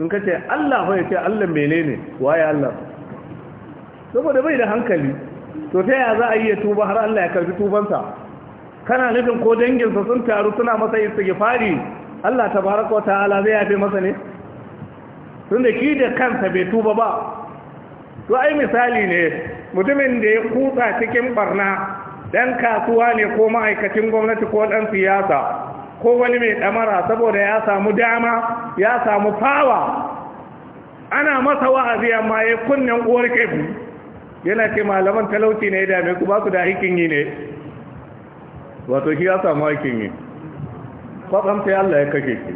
in kace Allah fa ya ce Allah menene waye Allah saboda bai da hankali to ta yaya za a yi ya tuba har Allah ya karbi tubansa kana nufin ko danginsa sun taru suna masa istighfari Allah ta baraka wa ta'ala zai yafe masa ne da ki da kansa bai tuba ba to ai misali ne mutumin da ya kutsa cikin barna dan kasuwa ne ko ma'aikacin gwamnati ko dan siyasa ko wani mai damara saboda ya samu dama ya samu fawa ana masa wa'azi amma ya kunnen uwar kai. yana ce malaman talauci ne ya dame kuma ba ku da aikin yi ne wato shi ya samu aikin yi kwaɗan sai Allah ya kashe shi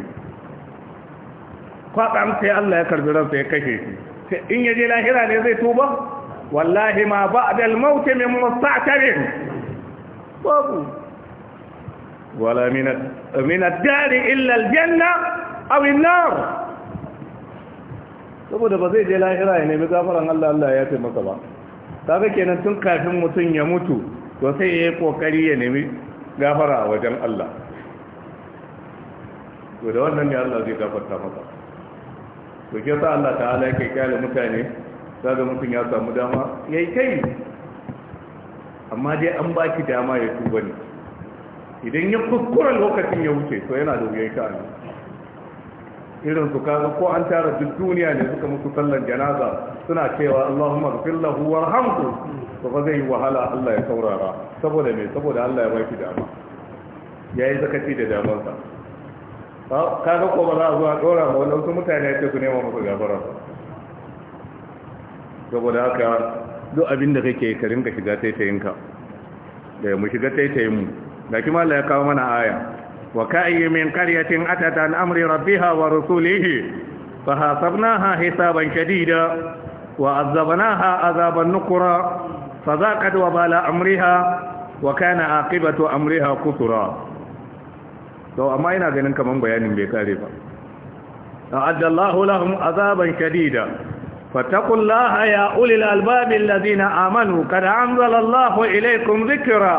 kwaɗan sai Allah ya karbi ransa ya kashe shi in ya je lahira ne zai tuba wallahi ma ba da almauti min mustaqarin babu wala min min ad-dar illa al-janna aw an-nar saboda ba zai je lahira ne bi gafaran Allah Allah ya taimaka ba kaga kenan tun kafin mutum ya mutu to sai ya yi kokari ya nemi gafara a wajen Allah to da wannan ne Allah zai gafarta masa to ke sa Allah ta'ala yake kyale mutane kaga mutum ya samu dama yayi kai amma dai an baki dama ya tuba ne idan ya kuskura lokacin ya wuce to yana da wuyan sha'ani irin su kaga ko an tara duk duniya ne suka mutu sallar janaza suna cewa Allahumma ghfir lahu warhamhu to fa zai wahala Allah ya saurara saboda me saboda Allah ya baki dama yayi zakaci da daman sa kaga ko ba za a zo a dora ba wannan mutane ya ce su nema musu gafara saboda haka duk abin da kake ka rinka shiga taitayinka da mu shiga taitayin mu da kima Allah ya kawo mana aya وكأي من قرية أتت عن أمر ربها ورسوله فحاسبناها حسابا شديدا وعذبناها عذابا نقرا فذاقت وبال أمرها وكان عاقبة أمرها قصرا to amma ina ganin kaman bayanin bai kare ba a'adda Allahu lahum azaban shadida fattaqullaha ya ulil albabi alladhina amanu qad anzala Allahu zikira dhikra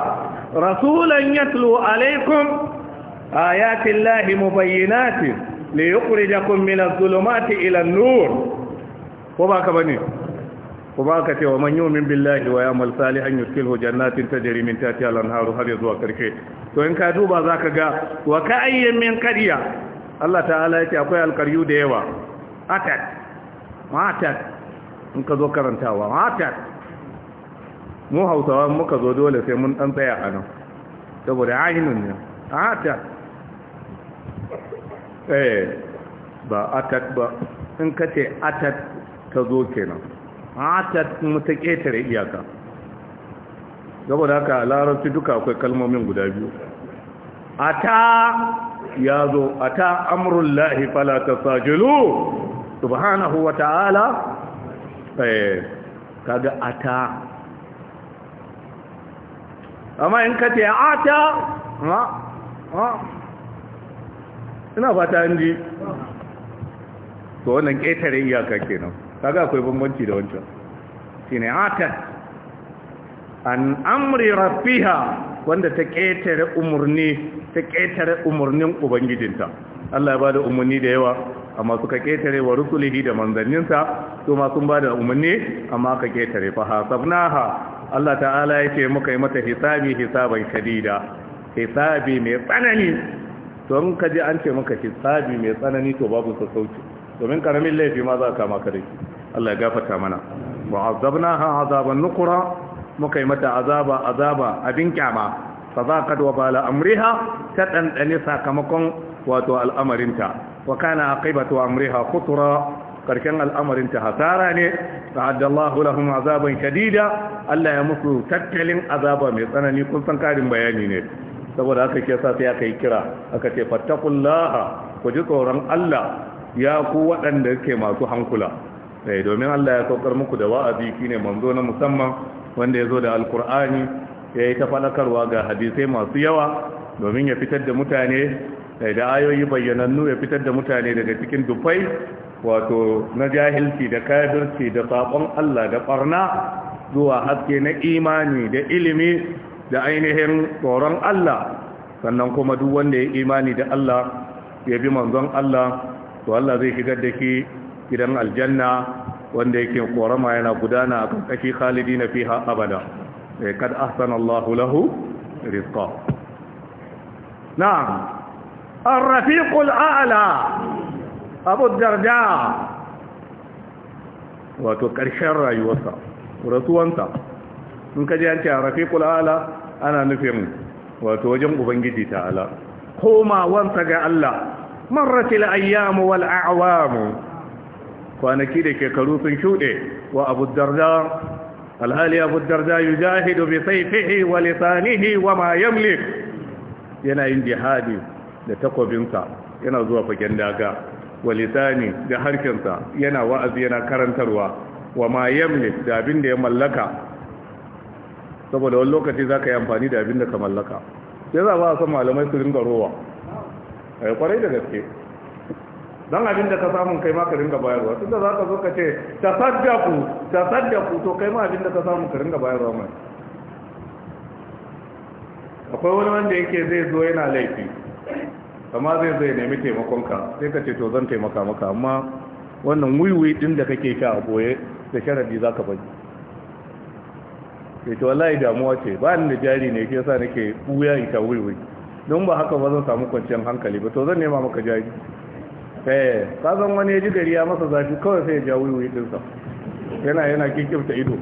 rasulan yatlu alaykum آيات الله مبينات ليخرجكم من الظلمات إلى النور وباك بني وباك ومن يؤمن بالله ويعمل صالحا يدخله جنات تجري من تحتها الأنهار هل يزوى كركي وإن كادوبا ذاك جاء وكأي من قرية الله تعالى يتي أقوى القريو ديوا أتت ما أتت إن كذو كرنتاوا ما أتت mu hausawa مو كذو دوله سي mun دان tsaya انا nan saboda ainihin ne a eh ba atat ba in ka ce atat ta zo kenan atat kuma ta ƙetare iyaka saboda haka larabci duka akwai kalmomin guda biyu ata ya zo ata amrul lahi fala tasajilu subhanahu wa ta'ala eh kaga ata amma in ka ce ata ha ha suna fata an ji to wannan ƙetare iyaka kenan kaga akwai bambanci da wancan ne an amri rabbiha wanda ta ƙetare umurni ta ƙetare umurnin ubangijinta Allah ya bada umarni da yawa amma suka ƙetare wa rusulihi da manzanninsa su ma sun bada umarni amma ka ƙetare fa hasabnaha Allah ta'ala ya ce muka yi mata hisabi hisaban shadida hisabi mai tsanani Don ka je an ce maka hisabi mai tsanani to babu sassauci domin karamin laifi ma za ka kama ka Allah ya gafarta mana wa azabnaha azaban nukura muka yi mata azaba azaba abin kyama za zaqat wa bala amriha ta dandane sakamakon wato al'amarinta wa kana aqibatu amriha kutura karshen al'amarinta hasara ne ta'addallahu lahum azaban shadida Allah ya musu tattalin azaba mai tsanani kun san karin bayani ne saboda aka ke sa sai aka yi kira aka ce fattakullaha ku ji tsoron Allah ya ku waɗanda ke masu hankula eh domin Allah ya saukar muku da wa'azi shine manzo na musamman wanda ya zo da alkur'ani ya yi ta faɗakarwa ga hadisai masu yawa domin ya fitar da mutane eh, da ayoyi bayyanannu ya fitar da mutane daga cikin dufai wato na jahilci da kafirci da sabon Allah da ɓarna, zuwa haske na imani da ilimi da ainihin tsoron Allah sannan kuma duk wanda ya imani da Allah ya bi manzon Allah to Allah zai shigar da ke gidan aljanna wanda yake korama yana gudana a kankashi khalidi na fiha abada ya eh, kad ahsan Allah lahu rizqa na'am ar-rafiqul a'la abu darda wato ƙarshen rayuwarsa rasuwansa in ka ji an a rafiqul ala ana nufin wato wajen ubangiji ta'ala komawansa ga Allah marratil ayyamu wal a'wamu kwanaki da shekaru sun shuɗe wa abu darda alhali abu darda yujahidu bi sayfihi wa lisanihi wa ma yamlik yana yin jihadi da takobinsa yana zuwa fagen daga wa lisani da harkinsa yana wa'azi yana karantarwa wa ma yamlik da abin da ya mallaka saboda wani lokaci za ka yi amfani da abin da ka mallaka sai za ba a san malamai su ringa rowa a eh, yi kwarai da gaske don abin da ka samun kai ma ka ringa bayarwa su da za ka zo ka ce ta ku ta ku to kai ma abin da ka samun ka ringa bayarwa mai akwai wani wanda yake zai zo yana laifi amma zai zai nemi taimakonka sai ka ce to zan taimaka maka amma wannan wuiwui din da kake sha a boye da sharadi za ka bari ya eh, ce wallahi damuwa ce ba ni da jari ne ke sa nake buya in ta wuri don ba haka ba zan samu kwanciyar hankali ba to zan nema maka jari eh ka san wani ya ji gari ya masa zafi kawai sai ya ja wuri dinsa yana yana kikkifta ido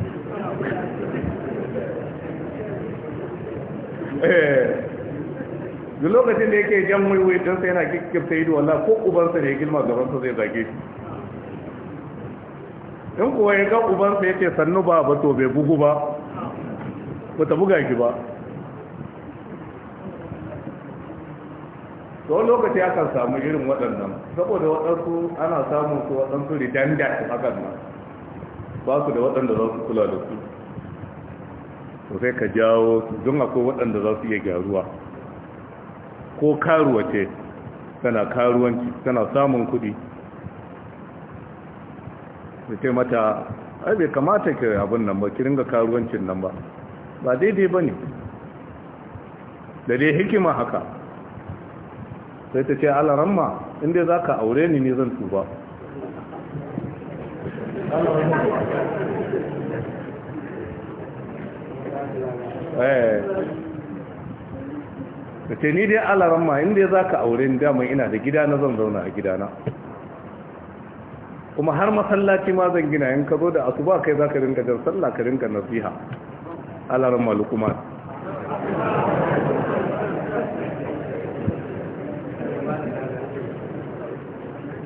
eh, da lokacin da yake jan wuri dinsa yana kikkifta ido wallahi ko ubansa ne ya girma gabansa zai zage shi in kuwa ya ga ubansa ya ce sannu ba ba to bai bugu ba ba ta buga ki ba to lokaci aka samu irin waɗannan saboda waɗansu ana samun su waɗansu redundant hakan nan ba su da waɗanda za su kula da su to sai ka jawo su don akwai waɗanda za su iya gyaruwa ko karuwa ce tana karuwanci tana samun kuɗi da ce mata ai bai kamata ki abin nan ba ki ringa karuwancin nan ba ba daidai ba ne da dai hikima haka sai ta ce alaramma inda za ka aure ni ne zan tuba da eh. ce ni dai alaramma inda za ka aure ni damar ina da gida na zan zauna a gidana kuma har masallaci ma zan gina in ka zo da asuba kai za ka rinka jar sallah ka rinka nasiha alarar malukuma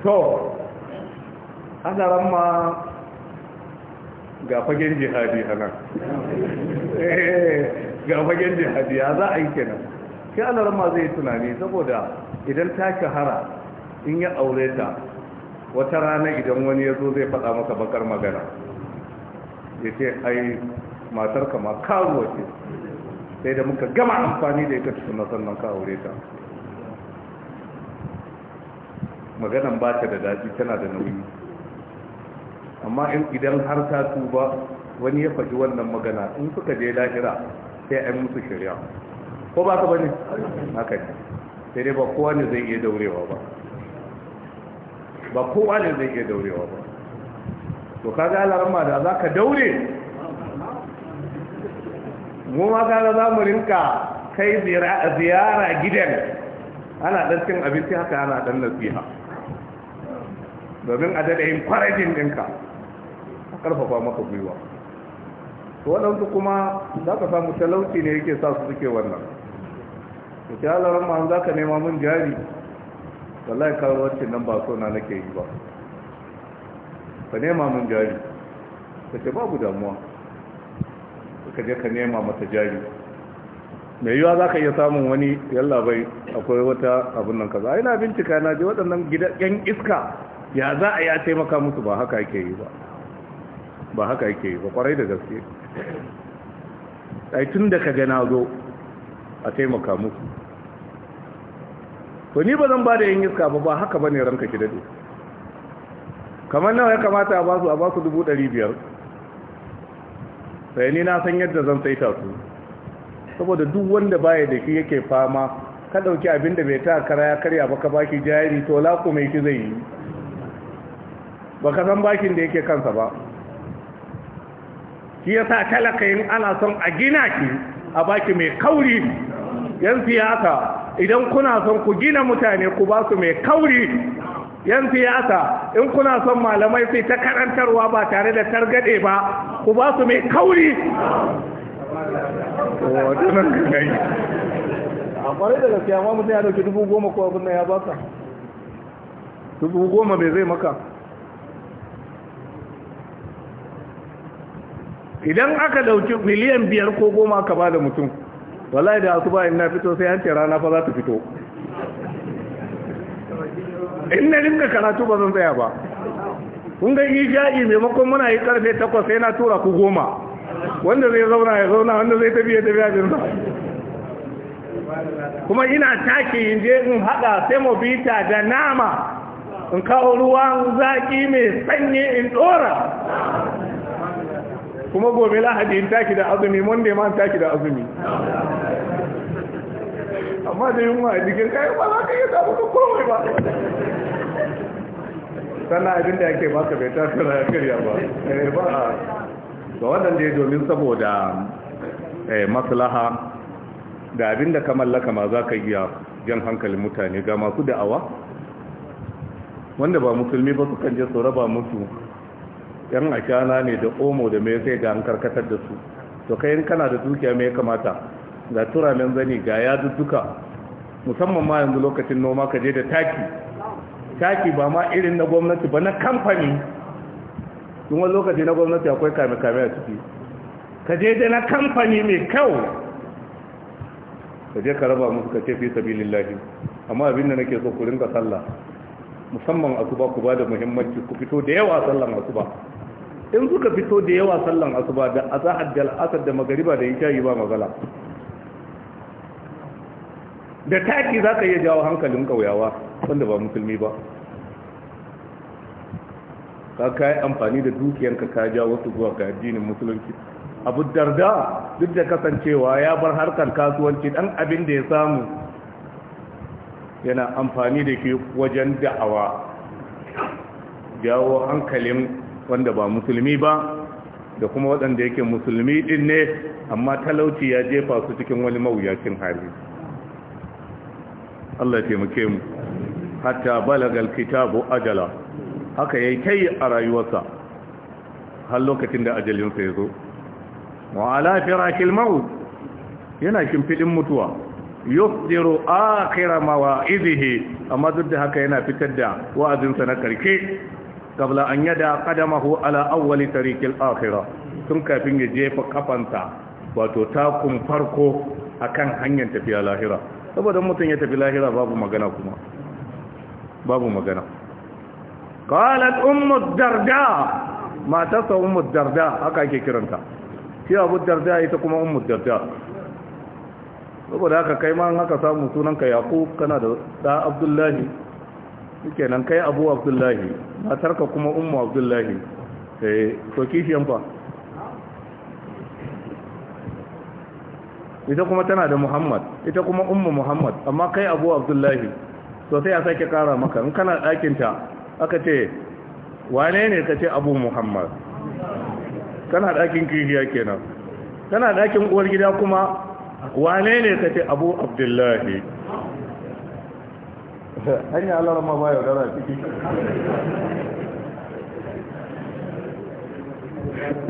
to alarar ma ga fagen jihadi a nan eh, ga fagen jihadi ya za a yi kenan ke alarar ma zai tunani saboda idan ta shahara in ya aure ta wata rana idan wani ya zo zai faɗa maka bakar magana ya ce ai matar kama kawo ce sai da muka gama amfani da ita tukuna sannan ka aure ta maganan ba ta da daji tana da nauyi amma idan har ta tuba wani ya faɗi wannan magana in suka je lahira sai an musu shirya ko ba ka ba ne haka ne sai dai ba kowa ne zai iya daurewa ba ba kowa ne zai iya daurewa ba to kaga alarma da za ka daure mu ma ka za mu rinka kai ziyara gidan ana dan cin abinci haka ana dan nasiha domin a daɗa yin kwarajin ɗinka a ƙarfafa maka gwiwa waɗansu kuma za ka samu talauci ne yake sa su suke wannan to ke halarar ma'an za ka nema mun jari wallahi wancan nan ba so na nake yi ba ka nema mun jari ka ce babu damuwa ka je ka nema mata jari mai yiwa za ka iya samun wani bai akwai wata abin nan kaza ina bincika na ji waɗannan gidan iska ya za a yi a taimaka musu ba haka ake yi ba ba haka ake yi ba kwarai da gaske ai tun da ka gana zo a taimaka musu to ni ba zan ba da yin iska ba ba haka ba ne ranka ki dade kamar nawa ya kamata a basu a basu dubu ɗari biyar sai ni na san yadda zan saita su saboda duk wanda baya da shi yake fama ka dauki abin da bai ta kara ya karya ba ka baki jari to ko mai shi zai yi ba ka san bakin da yake kansa ba shi yasa talaka yin ana son a gina ki a baki mai kauri yan siyasa idan kuna son ku gina mutane ku ba su mai kauri yan siyasa in kuna son malamai sai ta karantarwa ba tare da targade ba ku ba su mai kauri a kwarai da gaskiya ma mutum ya dauki dubu goma ko abin da ya baka dubu goma bai zai maka idan aka dauki miliyan biyar ko goma ka ba da mutum wallahi da asuba in na fito sai an rana fa za ta fito in na rinka karatu ba zan tsaya ba kun ga isha'i maimakon muna yi karfe takwas sai na tura ku goma wanda zai zauna ya zauna wanda zai tafi ya tafi sa. kuma ina take in je in haɗa semobita da nama in kawo ruwan zaƙi mai sanyi in ɗora kuma gobe lahadi in taki da azumi monday ma in taki da azumi amma da yunwa a jikin kayan ba za ka iya samu komai ba sannan abin da yake baka bai tafiya ya karya ba eh, ba a ga waɗanda ya domin saboda eh, maslaha da abin da ka mallaka ma za ka iya jan hankalin mutane ga masu da'awa wanda ba musulmi ba sukan je su ba mutu. yan ashana ne da omo da mai sai da an karkatar da su to kai kana da dukiya mai kamata ga tura nan zani ga ya duka musamman ma yanzu lokacin noma ka je da taki taki ba ma irin na gwamnati ba na kamfani kuma lokacin lokaci na gwamnati akwai kame-kame a ciki ka je da na kamfani mai kyau ka je ka raba musu ka ce fi sabi lillahi amma abin da nake so ku rinka sallah musamman asuba ku ba da muhimmanci ku fito da yawa sallan asuba in suka fito da yawa sallan asuba da azahar da al'asar da magariba da isha'i ba magana da taki za ka iya jawo hankalin ƙauyawa wanda ba musulmi ba ka kayi amfani da dukiyanka ka ja wasu zuwa ga addinin musulunci abu darda duk da kasancewa ya bar harkar kasuwanci dan abin da ya samu yana amfani da ke wajen da'awa jawo hankalin wanda ba musulmi ba da kuma waɗanda yake musulmi din ne amma talauci ya jefa su cikin wani mawuyacin hali Allah taimake mu hatta balagal kitabu ajala haka yayi kai a rayuwarsa har lokacin da ajalinsa ya zo wa ala firashil maut yana shimfidin mutuwa yusdiru akhira mawa'izihi amma duk da haka yana fitar da wa'azinsa na karke kabla an yada qadamahu ala awwali tariqil akhirah tun kafin ya jefa kafansa wato takun farko akan hanyar tafiya lahira saboda mutum ya tafi lahira babu magana kuma babu magana qalat ummu darda sa ummu darda haka ake kiranta shi abu darda ita kuma ummu darda saboda haka kai ma haka samu sunanka yaqub kana da da abdullahi nan kai abu abdullahi ka kuma ummu abdullahi eh to kishiyan fa ita kuma tana da muhammad ita kuma ummu muhammad amma kai abu abdullahi to sai a sake kara maka in kana ɗakinta aka ce wane ne ka ce abu muhammad kana ɗakin kiriya kenan kana ɗakin uwar gida kuma wane ne ka ce abu abdullahi (laughs) hanyar allah ma ba yaudara ciki da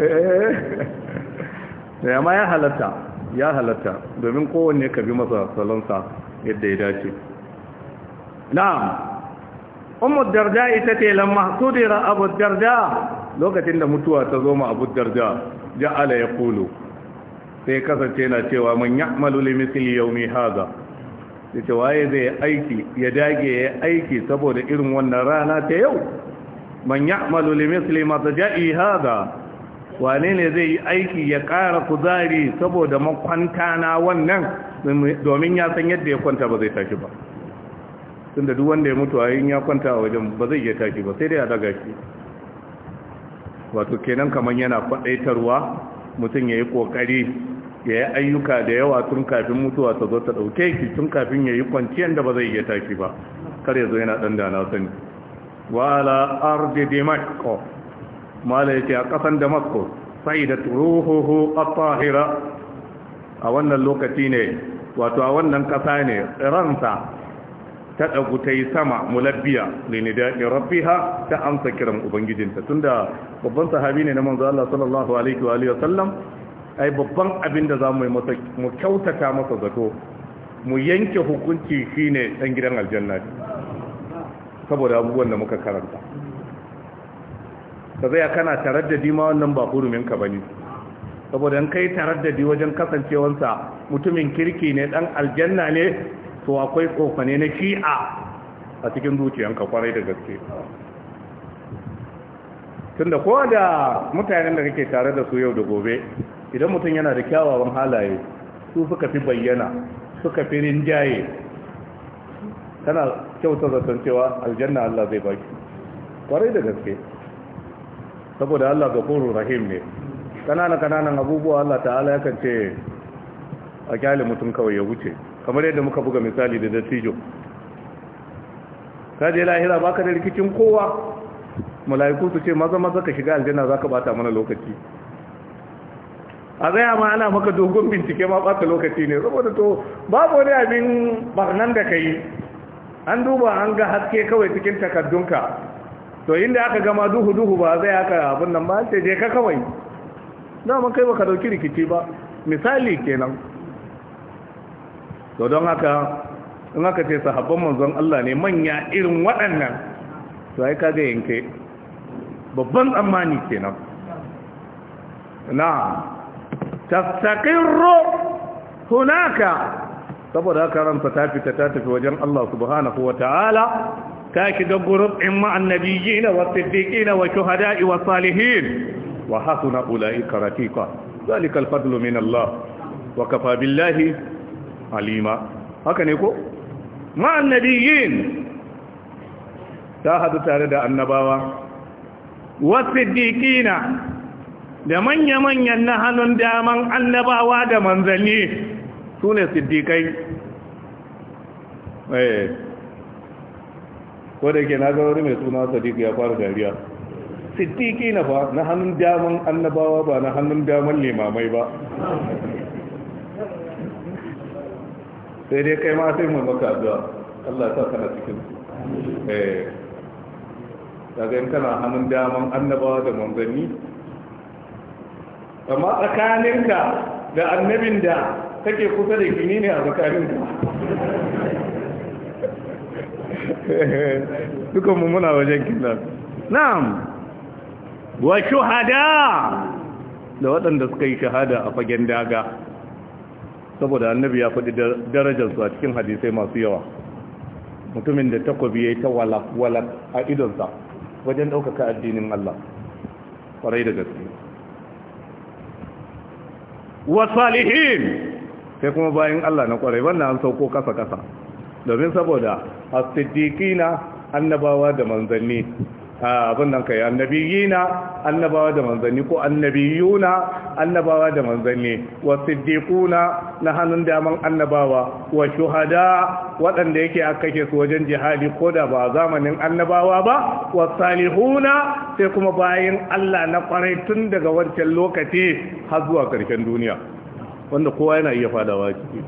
(laughs) eh, eh, eh. ya halatta ya halatta domin kowanne ka bi masa salonsa yadda ya dace na'am Umar Darja ita ce lamma sudira abu Darja. lokacin da mutuwa ta zo ma abu Darja, ala ya kulu. sai kasance na cewa man ya'malu yau mai haza, da cewa Ya zai aiki ya dage ya aiki saboda irin wannan rana ta yau man ya li mithli ma ja’i haza. wane ne zai yi aiki ya ƙara kuzari saboda makwanta na wannan domin ya san yadda ya kwanta ba zai tashi ba tun da duk wanda ya mutu a yin ya kwanta a wajen ba zai iya tashi ba sai dai a daga shi wato kenan kamar yana kwaɗaitarwa mutum ya yi ƙoƙari ya yi ayyuka da yawa tun kafin mutuwa ta zo ta ɗauke shi tun kafin ya yi kwanciyar da ba zai iya tashi ba kar ya zo yana ɗan da na sani wala ardi dimashq mala yake a kasan damascus sai da ruhuhu a tahira a wannan lokaci ne wato a wannan ƙasa ne ransa ta ɗagu ta sama mulabbiya lini da rabbiha ta amsa kiran ubangijinta tunda babban sahabi ne na manzo Allah sallallahu alaihi wa alihi wasallam ai babban abin da zamu yi masa mu kyautata masa zato mu yanke hukunci shine dan gidan aljanna saboda abubuwan da muka karanta ka kana taraddadi ma wannan ba huruminka ba ne saboda kai taraddadi wajen kasancewansa mutumin kirki ne dan aljanna ne to akwai kofane na shi'a a cikin zuciyanka kwarai da gaske tunda ko da mutanen da kake tare da su yau da gobe idan mutum yana da kyawawan halaye su suka fi bayyana suka fi rinjaye kana kyauta zaton cewa aljanna Allah zai baki kwarai da gaske saboda Allah ga kuru rahim ne kanana kananan abubuwa Allah ta'ala yakan ce a kyale mutum kawai ya wuce kamar yadda muka buga misali da dattijo ka je lahira baka da rikicin kowa mala'iku su ce maza maza ka shiga aljanna zaka bata mana lokaci a zaya ma ana maka dogon bincike ma bata lokaci ne saboda to babu wani abin barnan da kai an duba an ga haske kawai cikin takardunka to inda aka gama duhu duhu ba zai aka abin nan ba sai je ka kawai dama kai baka dauki rikici ba misali kenan to don haka in aka ce sahabban manzon Allah ne manya irin waɗannan to ai ga yanke babban tsammani kenan na tastaqirru hunaka saboda karanta ta fita ta tafi wajen Allah subhanahu wataala Ta shiga gurub in ma'an nabiyina wa siddiqina wa shuhada'i wa salihin wa hasuna ulaika rafiqa zalika al-fadlu min Allah wa kafa billahi alima haka ne ko ma nabiyin ta hadu tare da annabawa wa siddiqina da manya-manyan na hannun daman annabawa da manzanni su ne siddiƙai eh. ko da yake na ga mai suna sadiq ya fara dariya sittiki na fa na hannun daman annabawa ba na hannun daman limamai ba sai dai kai ma sai mu maka addu'a Allah ya sa kana cikin eh daga in kana hannun daman annabawa da manzanni amma tsakaninka da annabin da take kusa da gini ne a tsakaninka (laughs) mu muna wajen kinan na'am wa shuhada da waɗanda suka yi shahada a fagen daga saboda annabi ya faɗi darajarsu a cikin hadisai masu yawa mutumin da takobi ya yi ta walak a idonsa wajen ɗaukaka addinin Allah ƙwarai da gaske salihin sai kuma bayan Allah na ƙwarai wannan an sauko kasa-kasa domin saboda as annabawa da manzanni ah, abin nan kai annabiyina annabawa da manzanni ko annabiyuna annabawa da manzanni wa siddiquna na hannun daman annabawa wa shuhada waɗanda yake aka su wajen jihadi ko da ba zamanin annabawa ba wa salihuna sai kuma bayan Allah na kwarai tun daga wancan lokaci har zuwa ƙarshen duniya wanda kowa yana iya fadawa ciki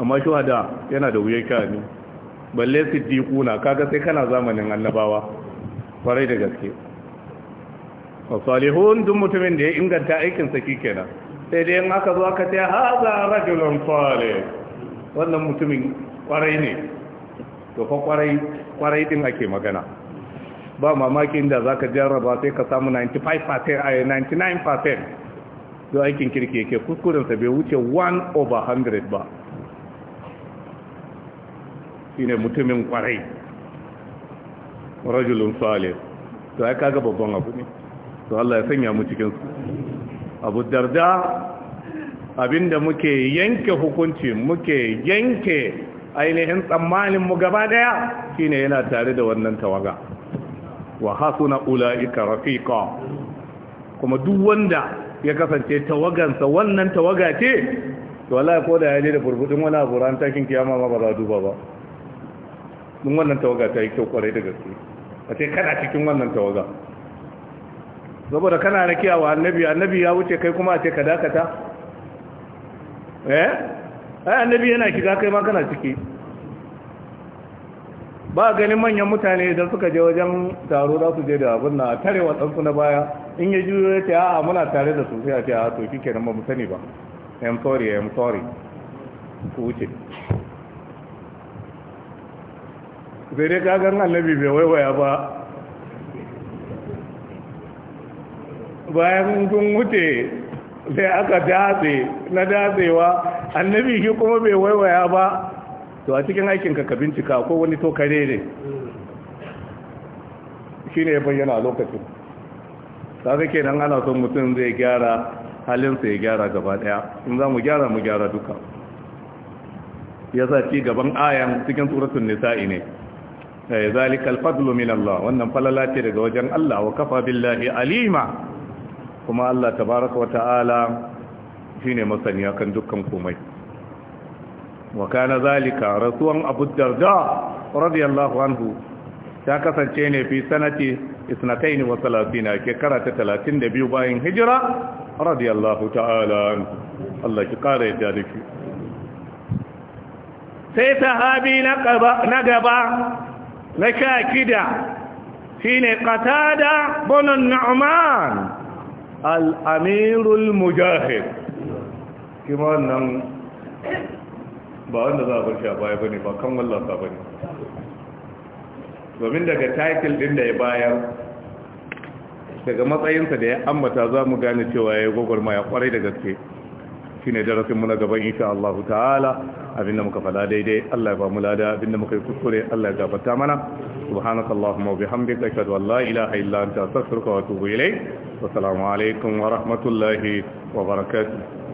amma shuhada yana da wuyan sha'ani balle siddiquna kaga sai kana zamanin annabawa farai da gaske salihun duk mutumin da ya inganta aikin sa kenan sai dai in aka zo aka ce haza rajulun salih wannan mutumin kwarai ne to fa kwarai kwarai din ake magana ba mamaki inda zaka jarraba sai ka samu 95% ay 99% do aikin kirki yake kuskuren sa bai wuce 1 over 100 ba shine mutumin kwarai rajulun salih to ai kaga babban abu ne to Allah ya sanya mu cikin su Abu Darda abinda muke yanke hukunci muke yanke ainihin tsammanin mu gaba daya shine yana tare da wannan tawaga wa hasuna ulaika rafiqa kuma duk wanda ya kasance tawagansa wannan tawaga ce to wallahi ko da ya je da furfudin wani abu ran takin kiyama ma ba za duba ba mun wannan tawaga ta yi kyau kwarai da gaske a ce kana cikin wannan tawaga saboda kana na wa annabi annabi ya wuce kai kuma a ce ka dakata eh ai annabi yana shiga kai ma kana ciki ba ganin manyan mutane idan suka je wajen taro za su je da abin na tare wa ɗansu na baya in ya juyo ya ce a'a muna tare da su sai a ce a to kike nan ba mu sani ba i'm sorry i'm sorry ku wuce sai dai kagan annabi bai waiwaya ba bayan sun wuce sai aka datse na datsewa annabi shi kuma bai waiwaya ba to a cikin aikinka ka bincika ko wani to kare ne shi ne bayyana a lokacin kaga kenan ana son mutum zai gyara halinsa ya gyara gaba daya in za mu gyara mu gyara duka ya sa ci gaban ayan cikin suratun nisa'i ne Eh, zalikal fadlu min Allah wannan falala ce daga wajen Allah wa kafa billahi alima kuma Allah tabaraka wa ta'ala shine masani akan dukkan komai wa kana zalika rasuwan Abu Darda radiyallahu anhu ta kasance ne fi sanati isnatayn wa salatina ke karata 32 bayan hijira radiyallahu ta'ala Allah ki kare da dake sai sahabi na gaba na sha kida shi ne ƙatada bonon na'aman al'amirul mujahid kima wannan ba wanda za a farshe a baya ba ne ba kan wallafa ba ne domin daga title ɗin da ya bayar daga matsayinsa da ya ambata za mu gane cewa ya yi gwagwarmaya kwarai da gaske shine ne darasinmu na gaban insha Allah ta'ala abinda muka fada daidai Allah ya ba mu lada abinda muka yi kuskure Allah ya gafarta mana subhanakallahumma wa bihamdika ashhadu an la ilaha illa anta astaghfiruka wa atubu ilayk wa assalamu alaikum wa rahmatullahi wa barakatuh